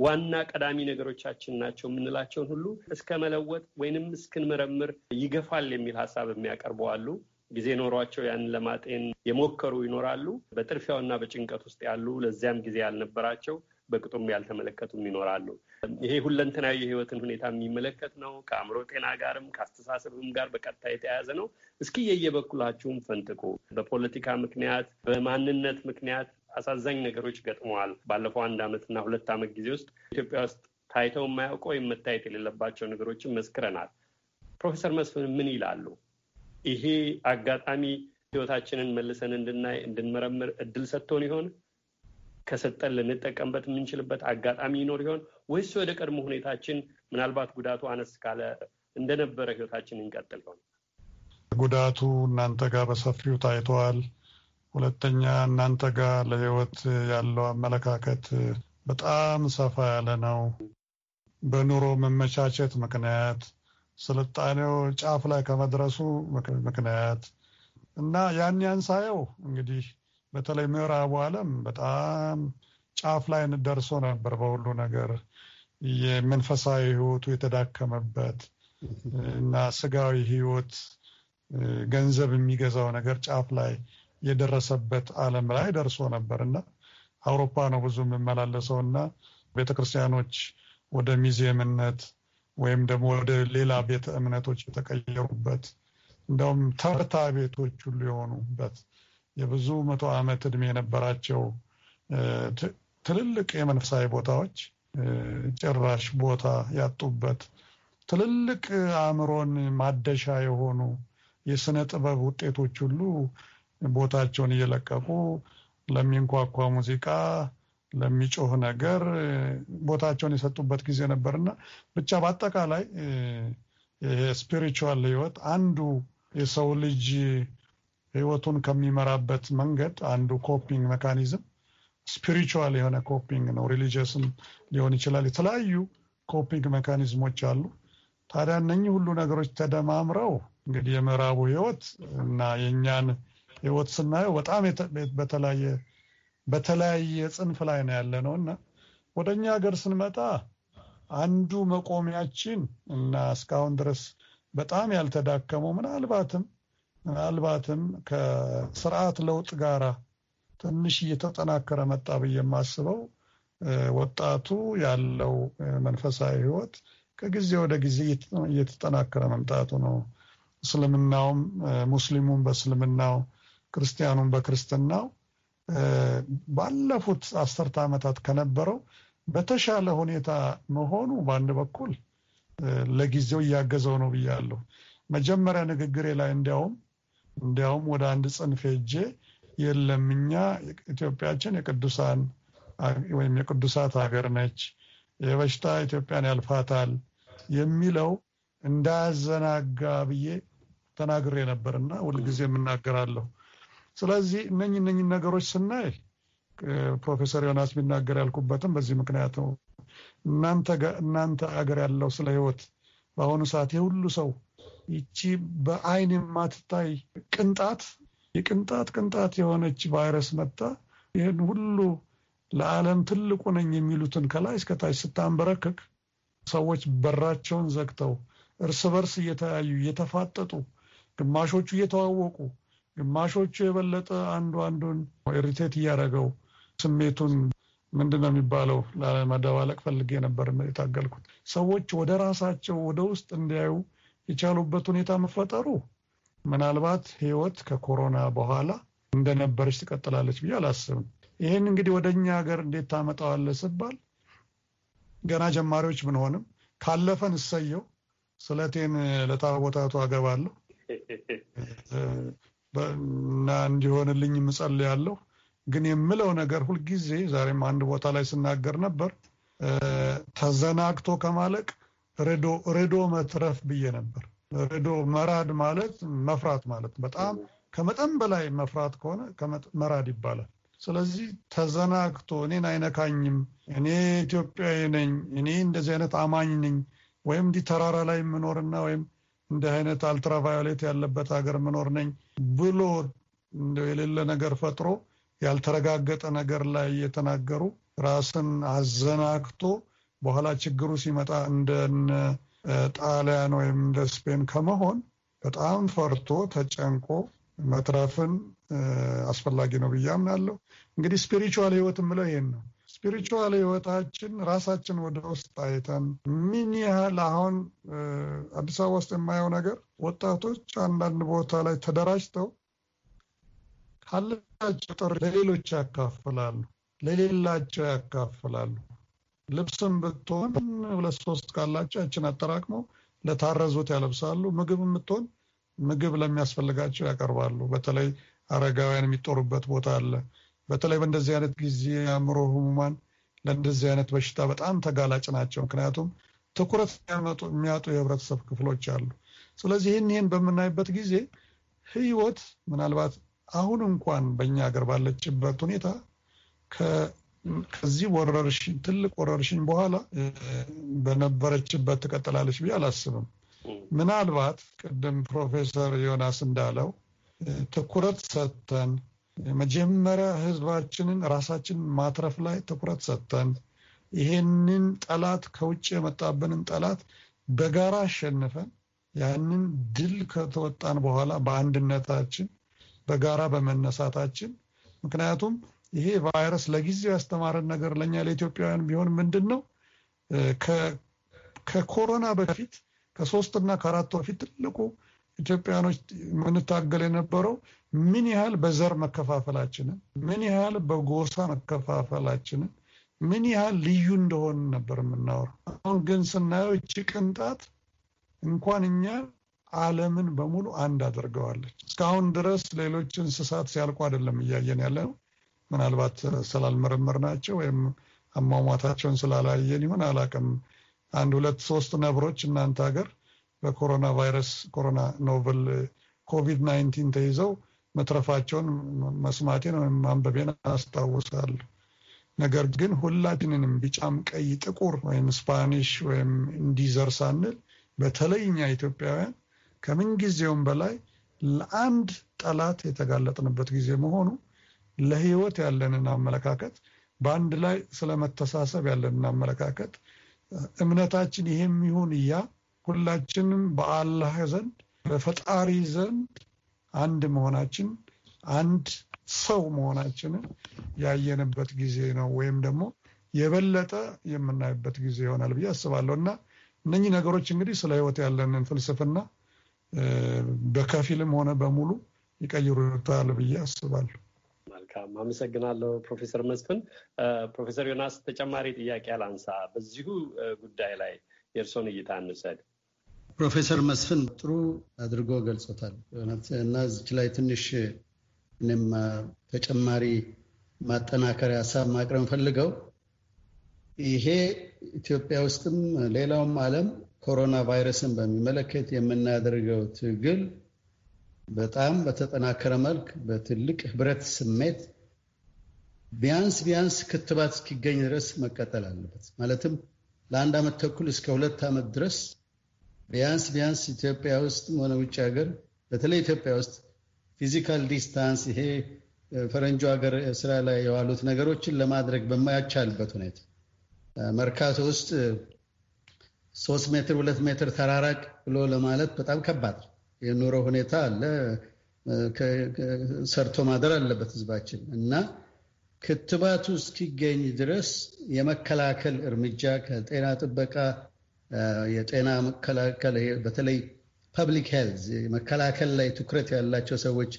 ዋና ቀዳሚ ነገሮቻችን ናቸው የምንላቸውን ሁሉ እስከ መለወጥ ወይንም እስክንመረምር ይገፋል የሚል ሀሳብ የሚያቀርበዋሉ። አሉ። ጊዜ ኖሯቸው ያንን ለማጤን የሞከሩ ይኖራሉ። በጥርፊያውና በጭንቀት ውስጥ ያሉ፣ ለዚያም ጊዜ ያልነበራቸው በቅጡም ያልተመለከቱም ይኖራሉ። ይሄ ሁለንተናዊ የህይወትን ሁኔታ የሚመለከት ነው። ከአእምሮ ጤና ጋርም ከአስተሳሰብም ጋር በቀጥታ የተያያዘ ነው። እስኪ የየበኩላችሁም ፈንጥቁ። በፖለቲካ ምክንያት፣ በማንነት ምክንያት አሳዛኝ ነገሮች ገጥመዋል። ባለፈው አንድ ዓመትና ሁለት ዓመት ጊዜ ውስጥ ኢትዮጵያ ውስጥ ታይተው የማያውቀው ወይም መታየት የሌለባቸው ነገሮችን መስክረናል። ፕሮፌሰር መስፍን ምን ይላሉ? ይሄ አጋጣሚ ህይወታችንን መልሰን እንድናይ እንድንመረምር እድል ሰጥቶን ይሆን? ከሰጠን ልንጠቀምበት የምንችልበት አጋጣሚ ይኖር ይሆን ወይስ ወደ ቀድሞ ሁኔታችን ምናልባት ጉዳቱ አነስ ካለ እንደነበረ ህይወታችን እንቀጥል ይሆን? ጉዳቱ እናንተ ጋር በሰፊው ታይተዋል። ሁለተኛ እናንተ ጋር ለህይወት ያለው አመለካከት በጣም ሰፋ ያለ ነው። በኑሮ መመቻቸት ምክንያት ስልጣኔው ጫፍ ላይ ከመድረሱ ምክንያት እና ያን ያን ሳየው እንግዲህ በተለይ ምዕራቡ ዓለም በጣም ጫፍ ላይ ደርሶ ነበር። በሁሉ ነገር የመንፈሳዊ ህይወቱ የተዳከመበት እና ስጋዊ ህይወት ገንዘብ የሚገዛው ነገር ጫፍ ላይ የደረሰበት ዓለም ላይ ደርሶ ነበር እና አውሮፓ ነው ብዙ የምመላለሰው እና ቤተክርስቲያኖች ወደ ሚዚየምነት ወይም ደግሞ ወደ ሌላ ቤተ እምነቶች የተቀየሩበት እንደውም ተርታ ቤቶች ሁሉ የሆኑበት የብዙ መቶ ዓመት ዕድሜ የነበራቸው ትልልቅ የመንፈሳዊ ቦታዎች ጭራሽ ቦታ ያጡበት ትልልቅ አእምሮን ማደሻ የሆኑ የስነ ጥበብ ውጤቶች ሁሉ ቦታቸውን እየለቀቁ ለሚንኳኳ ሙዚቃ፣ ለሚጮህ ነገር ቦታቸውን የሰጡበት ጊዜ ነበር ብቻ በአጠቃላይ ስፒሪቹዋል ህይወት አንዱ የሰው ልጅ ህይወቱን ከሚመራበት መንገድ አንዱ ኮፒንግ መካኒዝም ስፒሪቹዋል የሆነ ኮፒንግ ነው። ሪሊጂየስም ሊሆን ይችላል። የተለያዩ ኮፒንግ መካኒዝሞች አሉ። ታዲያ እነኚህ ሁሉ ነገሮች ተደማምረው እንግዲህ የምዕራቡ ህይወት እና የእኛን ህይወት ስናየው በጣም በተለያየ በተለያየ ጽንፍ ላይ ነው ያለ ነው እና ወደ እኛ ሀገር ስንመጣ አንዱ መቆሚያችን እና እስካሁን ድረስ በጣም ያልተዳከመው ምናልባትም ምናልባትም ከስርዓት ለውጥ ጋራ ትንሽ እየተጠናከረ መጣ ብዬ የማስበው ወጣቱ ያለው መንፈሳዊ ህይወት ከጊዜ ወደ ጊዜ እየተጠናከረ መምጣቱ ነው። እስልምናውም ሙስሊሙም በእስልምናው ክርስቲያኑም በክርስትናው ባለፉት አስርተ ዓመታት ከነበረው በተሻለ ሁኔታ መሆኑ በአንድ በኩል ለጊዜው እያገዘው ነው ብያለሁ። መጀመሪያ ንግግሬ ላይ እንዲያውም እንዲያውም ወደ አንድ ጽንፍ ሄጄ የለም እኛ ኢትዮጵያችን የቅዱሳን ወይም የቅዱሳት ሀገር ነች፣ የበሽታ ኢትዮጵያን ያልፋታል የሚለው እንዳያዘናጋ ብዬ ተናግሬ ነበር እና ሁልጊዜ የምናገራለሁ። ስለዚህ እነኝ እነኝ ነገሮች ስናይ ፕሮፌሰር ዮናስ ቢናገር ያልኩበትም በዚህ ምክንያት ነው። እናንተ አገር ያለው ስለ ህይወት በአሁኑ ሰዓት የሁሉ ሰው ይቺ በአይን የማትታይ ቅንጣት የቅንጣት ቅንጣት የሆነች ቫይረስ መጣ። ይህን ሁሉ ለዓለም ትልቁ ነኝ የሚሉትን ከላይ እስከታች ስታንበረክክ ሰዎች በራቸውን ዘግተው እርስ በርስ እየተያዩ እየተፋጠጡ፣ ግማሾቹ እየተዋወቁ፣ ግማሾቹ የበለጠ አንዱ አንዱን ኢሪቴት እያደረገው ስሜቱን ምንድን ነው የሚባለው ላለመደባለቅ ፈልጌ ነበር የታገልኩት። ሰዎች ወደ ራሳቸው ወደ ውስጥ እንዲያዩ የቻሉበት ሁኔታ መፈጠሩ ምናልባት ህይወት ከኮሮና በኋላ እንደነበረች ትቀጥላለች ብዬ አላስብም። ይህን እንግዲህ ወደ እኛ ሀገር እንዴት ታመጣዋለህ ስባል ገና ጀማሪዎች ብንሆንም ካለፈን እሰየው፣ ስለቴን ለታቦታቱ አገባለሁ እና እንዲሆንልኝ እጸልያለሁ። ግን የምለው ነገር ሁልጊዜ ዛሬም አንድ ቦታ ላይ ስናገር ነበር ተዘናግቶ ከማለቅ ርዶ መትረፍ ብዬ ነበር። ርዶ መራድ ማለት መፍራት ማለት በጣም ከመጠን በላይ መፍራት ከሆነ መራድ ይባላል። ስለዚህ ተዘናግቶ እኔን አይነካኝም፣ እኔ ኢትዮጵያዊ ነኝ፣ እኔ እንደዚህ አይነት አማኝ ነኝ ወይም እንዲህ ተራራ ላይ የምኖርና ወይም እንዲህ አይነት አልትራቫዮሌት ያለበት ሀገር ምኖር ነኝ ብሎ የሌለ ነገር ፈጥሮ ያልተረጋገጠ ነገር ላይ እየተናገሩ ራስን አዘናግቶ በኋላ ችግሩ ሲመጣ እንደነ ጣሊያን ወይም እንደ ስፔን ከመሆን በጣም ፈርቶ ተጨንቆ መትረፍን አስፈላጊ ነው ብዬ አምናለሁ። እንግዲህ ስፒሪቹዋል ህይወት የምለው ይሄን ነው። ስፒሪቹዋል ህይወታችን ራሳችን ወደ ውስጥ አይተን ምን ያህል አሁን አዲስ አበባ ውስጥ የማየው ነገር ወጣቶች አንዳንድ ቦታ ላይ ተደራጅተው ካላቸው ጥሪ ለሌሎች ያካፍላሉ፣ ለሌላቸው ያካፍላሉ። ልብስም ብትሆን ሁለት ሶስት ካላቸው ያችን አጠራቅመው ለታረዙት ያለብሳሉ። ምግብ የምትሆን ምግብ ለሚያስፈልጋቸው ያቀርባሉ። በተለይ አረጋውያን የሚጦሩበት ቦታ አለ። በተለይ በእንደዚህ አይነት ጊዜ አእምሮ ህሙማን ለእንደዚህ አይነት በሽታ በጣም ተጋላጭ ናቸው። ምክንያቱም ትኩረት የሚያጡ የህብረተሰብ ክፍሎች አሉ። ስለዚህ ይህን ይህን በምናይበት ጊዜ ህይወት ምናልባት አሁን እንኳን በእኛ ሀገር ባለችበት ሁኔታ ከዚህ ወረርሽኝ ትልቅ ወረርሽኝ በኋላ በነበረችበት ትቀጥላለች ብዬ አላስብም። ምናልባት ቅድም ፕሮፌሰር ዮናስ እንዳለው ትኩረት ሰጥተን መጀመሪያ ህዝባችንን ራሳችንን ማትረፍ ላይ ትኩረት ሰጥተን ይሄንን ጠላት ከውጭ የመጣብንን ጠላት በጋራ አሸንፈን ያንን ድል ከተወጣን በኋላ በአንድነታችን በጋራ በመነሳታችን ምክንያቱም ይሄ ቫይረስ ለጊዜው ያስተማረን ነገር ለእኛ ለኢትዮጵያውያን ቢሆን ምንድን ነው ከኮሮና በፊት ከሶስትና ከአራት ወር በፊት ትልቁ ኢትዮጵያኖች የምንታገል የነበረው ምን ያህል በዘር መከፋፈላችንን፣ ምን ያህል በጎሳ መከፋፈላችንን፣ ምን ያህል ልዩ እንደሆን ነበር የምናወራው። አሁን ግን ስናየው እቺ ቅንጣት እንኳን እኛ ዓለምን በሙሉ አንድ አድርገዋለች። እስካሁን ድረስ ሌሎች እንስሳት ሲያልቁ አይደለም እያየን ያለ ነው። ምናልባት ስላልመረመር ናቸው ወይም አሟሟታቸውን ስላላየን ይሆን አላቅም። አንድ ሁለት ሶስት ነብሮች እናንተ ሀገር በኮሮና ቫይረስ ኮሮና ኖቨል ኮቪድ ናይንቲን ተይዘው መትረፋቸውን መስማቴን ወይም ማንበቤን አስታውሳል። ነገር ግን ሁላችንንም ቢጫም፣ ቀይ፣ ጥቁር ወይም ስፓኒሽ ወይም እንዲዘር ሳንል በተለይኛ ኢትዮጵያውያን ከምንጊዜውም በላይ ለአንድ ጠላት የተጋለጥንበት ጊዜ መሆኑ ለህይወት ያለንን አመለካከት፣ በአንድ ላይ ስለመተሳሰብ ያለንን አመለካከት እምነታችን ይሄም ይሁን እያ ሁላችንም በአላህ ዘንድ በፈጣሪ ዘንድ አንድ መሆናችን አንድ ሰው መሆናችንን ያየንበት ጊዜ ነው ወይም ደግሞ የበለጠ የምናይበት ጊዜ ይሆናል ብዬ አስባለሁ እና እነኚህ ነገሮች እንግዲህ ስለ ህይወት ያለንን ፍልስፍና በከፊልም ሆነ በሙሉ ይቀይሩታል ብዬ አስባለሁ። መልካም አመሰግናለሁ ፕሮፌሰር መስፍን። ፕሮፌሰር ዮናስ ተጨማሪ ጥያቄ አላንሳ፣ በዚሁ ጉዳይ ላይ የእርሶን እይታ እንውሰድ። ፕሮፌሰር መስፍን ጥሩ አድርጎ ገልጾታል እና እዚች ላይ ትንሽ እኔም ተጨማሪ ማጠናከሪያ ሀሳብ ማቅረብ ፈልገው ይሄ ኢትዮጵያ ውስጥም ሌላውም ዓለም ኮሮና ቫይረስን በሚመለከት የምናደርገው ትግል በጣም በተጠናከረ መልክ በትልቅ ህብረት ስሜት ቢያንስ ቢያንስ ክትባት እስኪገኝ ድረስ መቀጠል አለበት። ማለትም ለአንድ ዓመት ተኩል እስከ ሁለት ዓመት ድረስ ቢያንስ ቢያንስ ኢትዮጵያ ውስጥ ሆነ ውጭ ሀገር፣ በተለይ ኢትዮጵያ ውስጥ ፊዚካል ዲስታንስ ይሄ ፈረንጆ ሀገር ስራ ላይ የዋሉት ነገሮችን ለማድረግ በማያቻልበት ሁኔታ መርካቶ ውስጥ ሶስት ሜትር ሁለት ሜትር ተራራቅ ብሎ ለማለት በጣም ከባድ ነው። የኑሮ ሁኔታ አለ። ሰርቶ ማደር አለበት ህዝባችን እና ክትባቱ እስኪገኝ ድረስ የመከላከል እርምጃ ከጤና ጥበቃ የጤና መከላከል በተለይ ፐብሊክ ሄልዝ መከላከል ላይ ትኩረት ያላቸው ሰዎች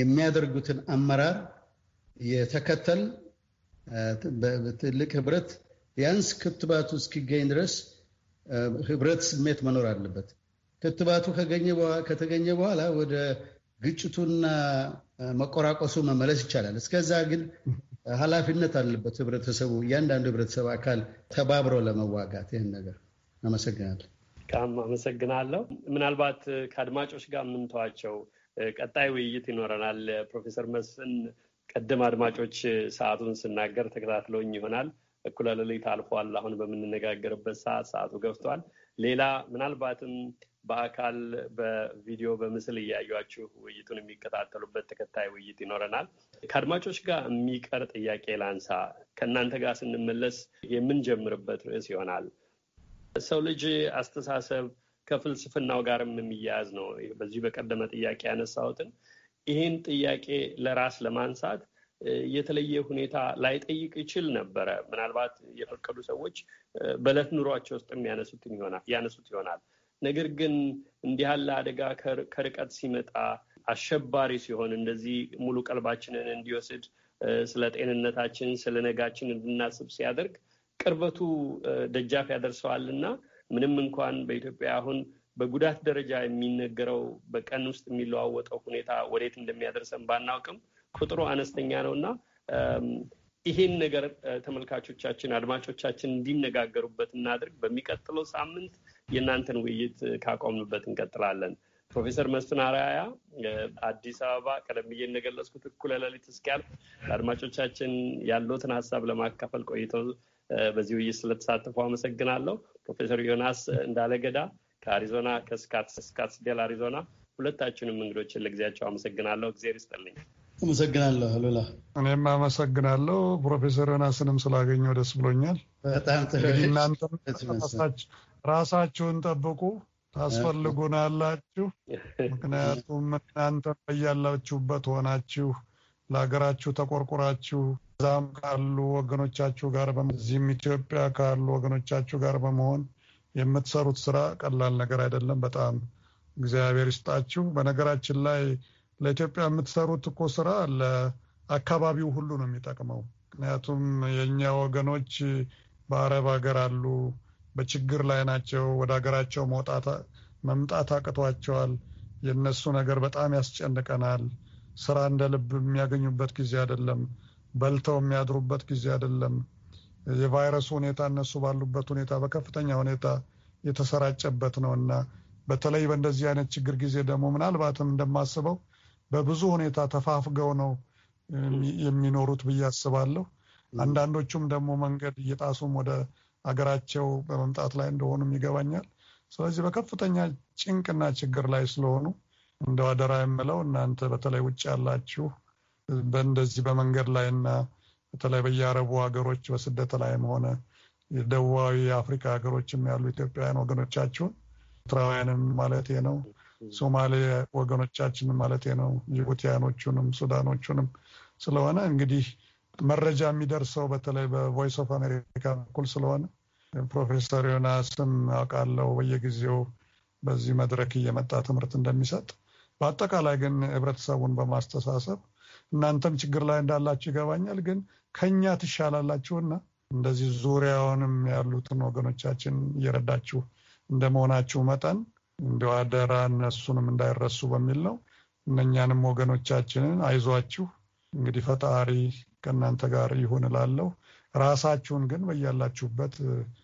የሚያደርጉትን አመራር የተከተል ትልቅ ህብረት ቢያንስ ክትባቱ እስኪገኝ ድረስ ህብረት ስሜት መኖር አለበት። ክትባቱ ከተገኘ በኋላ ወደ ግጭቱና መቆራቆሱ መመለስ ይቻላል። እስከዛ ግን ኃላፊነት አለበት ህብረተሰቡ፣ እያንዳንዱ ህብረተሰብ አካል ተባብሮ ለመዋጋት ይህን ነገር። አመሰግናለሁ። አመሰግናለሁ። ምናልባት ከአድማጮች ጋር የምንተዋቸው ቀጣይ ውይይት ይኖረናል። ፕሮፌሰር መስፍን ቅድም አድማጮች ሰዓቱን ስናገር ተከታትለውኝ ይሆናል። እኩለ ሌሊት አልፏል። አሁን በምንነጋገርበት ሰዓት ሰዓቱ ገብቷል። ሌላ ምናልባትም በአካል በቪዲዮ በምስል እያዩችሁ ውይይቱን የሚከታተሉበት ተከታይ ውይይት ይኖረናል። ከአድማጮች ጋር የሚቀር ጥያቄ ላንሳ። ከእናንተ ጋር ስንመለስ የምንጀምርበት ርዕስ ይሆናል። ሰው ልጅ አስተሳሰብ ከፍልስፍናው ጋርም የሚያያዝ ነው። በዚህ በቀደመ ጥያቄ ያነሳሁትን ይህን ጥያቄ ለራስ ለማንሳት የተለየ ሁኔታ ላይጠይቅ ይችል ነበረ። ምናልባት የፈቀዱ ሰዎች በዕለት ኑሯቸው ውስጥ ያነሱት ይሆናል። ነገር ግን እንዲህ ያለ አደጋ ከርቀት ሲመጣ አሸባሪ ሲሆን እንደዚህ ሙሉ ቀልባችንን እንዲወስድ ስለ ጤንነታችን ስለ ነጋችን እንድናስብ ሲያደርግ ቅርበቱ ደጃፍ ያደርሰዋል እና ምንም እንኳን በኢትዮጵያ አሁን በጉዳት ደረጃ የሚነገረው በቀን ውስጥ የሚለዋወጠው ሁኔታ ወዴት እንደሚያደርሰን ባናውቅም ቁጥሩ አነስተኛ ነው እና ይህን ነገር ተመልካቾቻችን፣ አድማጮቻችን እንዲነጋገሩበት እናድርግ። በሚቀጥለው ሳምንት የእናንተን ውይይት ካቆምንበት እንቀጥላለን። ፕሮፌሰር መስፍን አራያ አዲስ አበባ ቀደም ብዬ እንደገለጽኩት እኩለ ሌሊት እስኪያልፍ ለአድማጮቻችን ያለትን ሀሳብ ለማካፈል ቆይተው በዚህ ውይይት ስለተሳተፉ አመሰግናለሁ። ፕሮፌሰር ዮናስ እንዳለገዳ ከአሪዞና ከስካትስዴል አሪዞና፣ ሁለታችንም እንግዶችን ለጊዜያቸው አመሰግናለሁ። እግዜር ይስጥልኝ። አመሰግናለሁ አሉላ። እኔም አመሰግናለሁ። ፕሮፌሰር ዮናስንም ስላገኘው ደስ ብሎኛል። በጣም ራሳችሁን ጠብቁ፣ አላችሁ። ምክንያቱም እናንተ በያላችሁበት ሆናችሁ ለሀገራችሁ ተቆርቁራችሁ እዛም ካሉ ወገኖቻችሁ ጋር በዚህም ኢትዮጵያ ካሉ ወገኖቻችሁ ጋር በመሆን የምትሰሩት ስራ ቀላል ነገር አይደለም። በጣም እግዚአብሔር ይስጣችሁ። በነገራችን ላይ ለኢትዮጵያ የምትሰሩት እኮ ስራ ለአካባቢው ሁሉ ነው የሚጠቅመው። ምክንያቱም የእኛ ወገኖች በአረብ ሀገር አሉ፣ በችግር ላይ ናቸው። ወደ ሀገራቸው መውጣት መምጣት አቅቷቸዋል። የእነሱ ነገር በጣም ያስጨንቀናል። ስራ እንደ ልብ የሚያገኙበት ጊዜ አይደለም። በልተው የሚያድሩበት ጊዜ አይደለም። የቫይረሱ ሁኔታ እነሱ ባሉበት ሁኔታ በከፍተኛ ሁኔታ የተሰራጨበት ነው እና በተለይ በእንደዚህ አይነት ችግር ጊዜ ደግሞ ምናልባትም እንደማስበው በብዙ ሁኔታ ተፋፍገው ነው የሚኖሩት ብዬ አስባለሁ። አንዳንዶቹም ደግሞ መንገድ እየጣሱም ወደ አገራቸው በመምጣት ላይ እንደሆኑም ይገባኛል። ስለዚህ በከፍተኛ ጭንቅና ችግር ላይ ስለሆኑ እንደው አደራ የምለው እናንተ በተለይ ውጭ ያላችሁ በእንደዚህ በመንገድ ላይና በተለይ በየአረቡ ሀገሮች በስደት ላይም ሆነ የደቡባዊ የአፍሪካ ሀገሮችም ያሉ ኢትዮጵያውያን ወገኖቻችሁን ኤርትራውያንም ማለት ነው፣ ሶማሌ ወገኖቻችንም ማለት ነው፣ ጅቡቲያኖቹንም ሱዳኖቹንም ስለሆነ እንግዲህ መረጃ የሚደርሰው በተለይ በቮይስ ኦፍ አሜሪካ በኩል ስለሆነ ፕሮፌሰር ዮናስም አውቃለው በየጊዜው በዚህ መድረክ እየመጣ ትምህርት እንደሚሰጥ በአጠቃላይ ግን ህብረተሰቡን በማስተሳሰብ እናንተም ችግር ላይ እንዳላችሁ ይገባኛል፣ ግን ከኛ ትሻላላችሁና እንደዚህ ዙሪያውንም ያሉትን ወገኖቻችን እየረዳችሁ እንደመሆናችሁ መጠን እንዲ አደራ እነሱንም እንዳይረሱ በሚል ነው። እነኛንም ወገኖቻችንን አይዟችሁ እንግዲህ ፈጣሪ ከእናንተ ጋር ይሁን እላለሁ። ራሳችሁን ግን በያላችሁበት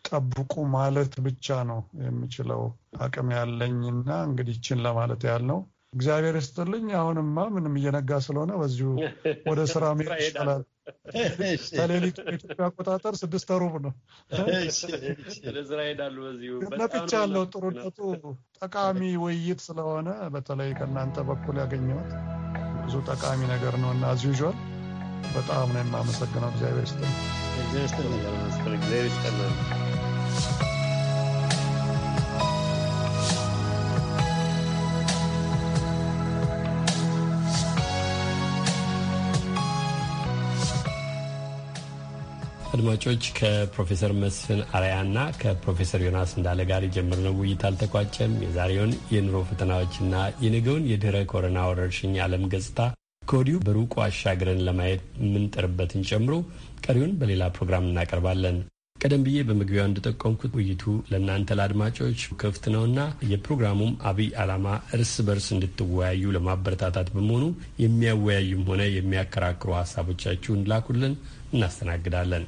ጠብቁ ማለት ብቻ ነው የምችለው አቅም ያለኝና እንግዲህ ይችን ለማለት ያህል ነው። እግዚአብሔር ይስጥልኝ። አሁንማ ምንም እየነጋ ስለሆነ በዚሁ ወደ ስራ መሄድ ይችላል። ከሌሊቱ የኢትዮጵያ አቆጣጠር ስድስት ሩብ ነው። ያለው ጥሩነቱ ጠቃሚ ውይይት ስለሆነ በተለይ ከእናንተ በኩል ያገኘሁት ብዙ ጠቃሚ ነገር ነው እና አዝ ዩዥዋል በጣም ነው የማመሰግነው። እግዚአብሔር ስጥ አድማጮች ከፕሮፌሰር መስፍን አርያና ከፕሮፌሰር ዮናስ እንዳለ ጋር የጀመርነው ውይይት አልተቋጨም። የዛሬውን የኑሮ ፈተናዎችና የነገውን የድህረ ኮሮና ወረርሽኝ ዓለም ገጽታ ከወዲሁ በሩቁ አሻግረን ለማየት የምንጠርበትን ጨምሮ ቀሪውን በሌላ ፕሮግራም እናቀርባለን። ቀደም ብዬ በመግቢያው እንደጠቆምኩት ውይይቱ ለእናንተ ለአድማጮች ክፍት ነውና የፕሮግራሙም አብይ ዓላማ እርስ በርስ እንድትወያዩ ለማበረታታት በመሆኑ የሚያወያዩም ሆነ የሚያከራክሩ ሀሳቦቻችሁን ላኩልን፣ እናስተናግዳለን።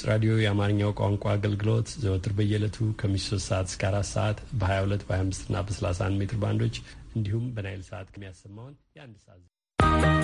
ድምፅ ራዲዮ የአማርኛው ቋንቋ አገልግሎት ዘወትር በየዕለቱ ከምሽቱ 3 ሰዓት እስከ 4 ሰዓት በ22 በ25 እና በ31 ሜትር ባንዶች እንዲሁም በናይል ሰዓት ከሚያሰማውን የአንድ ሰዓት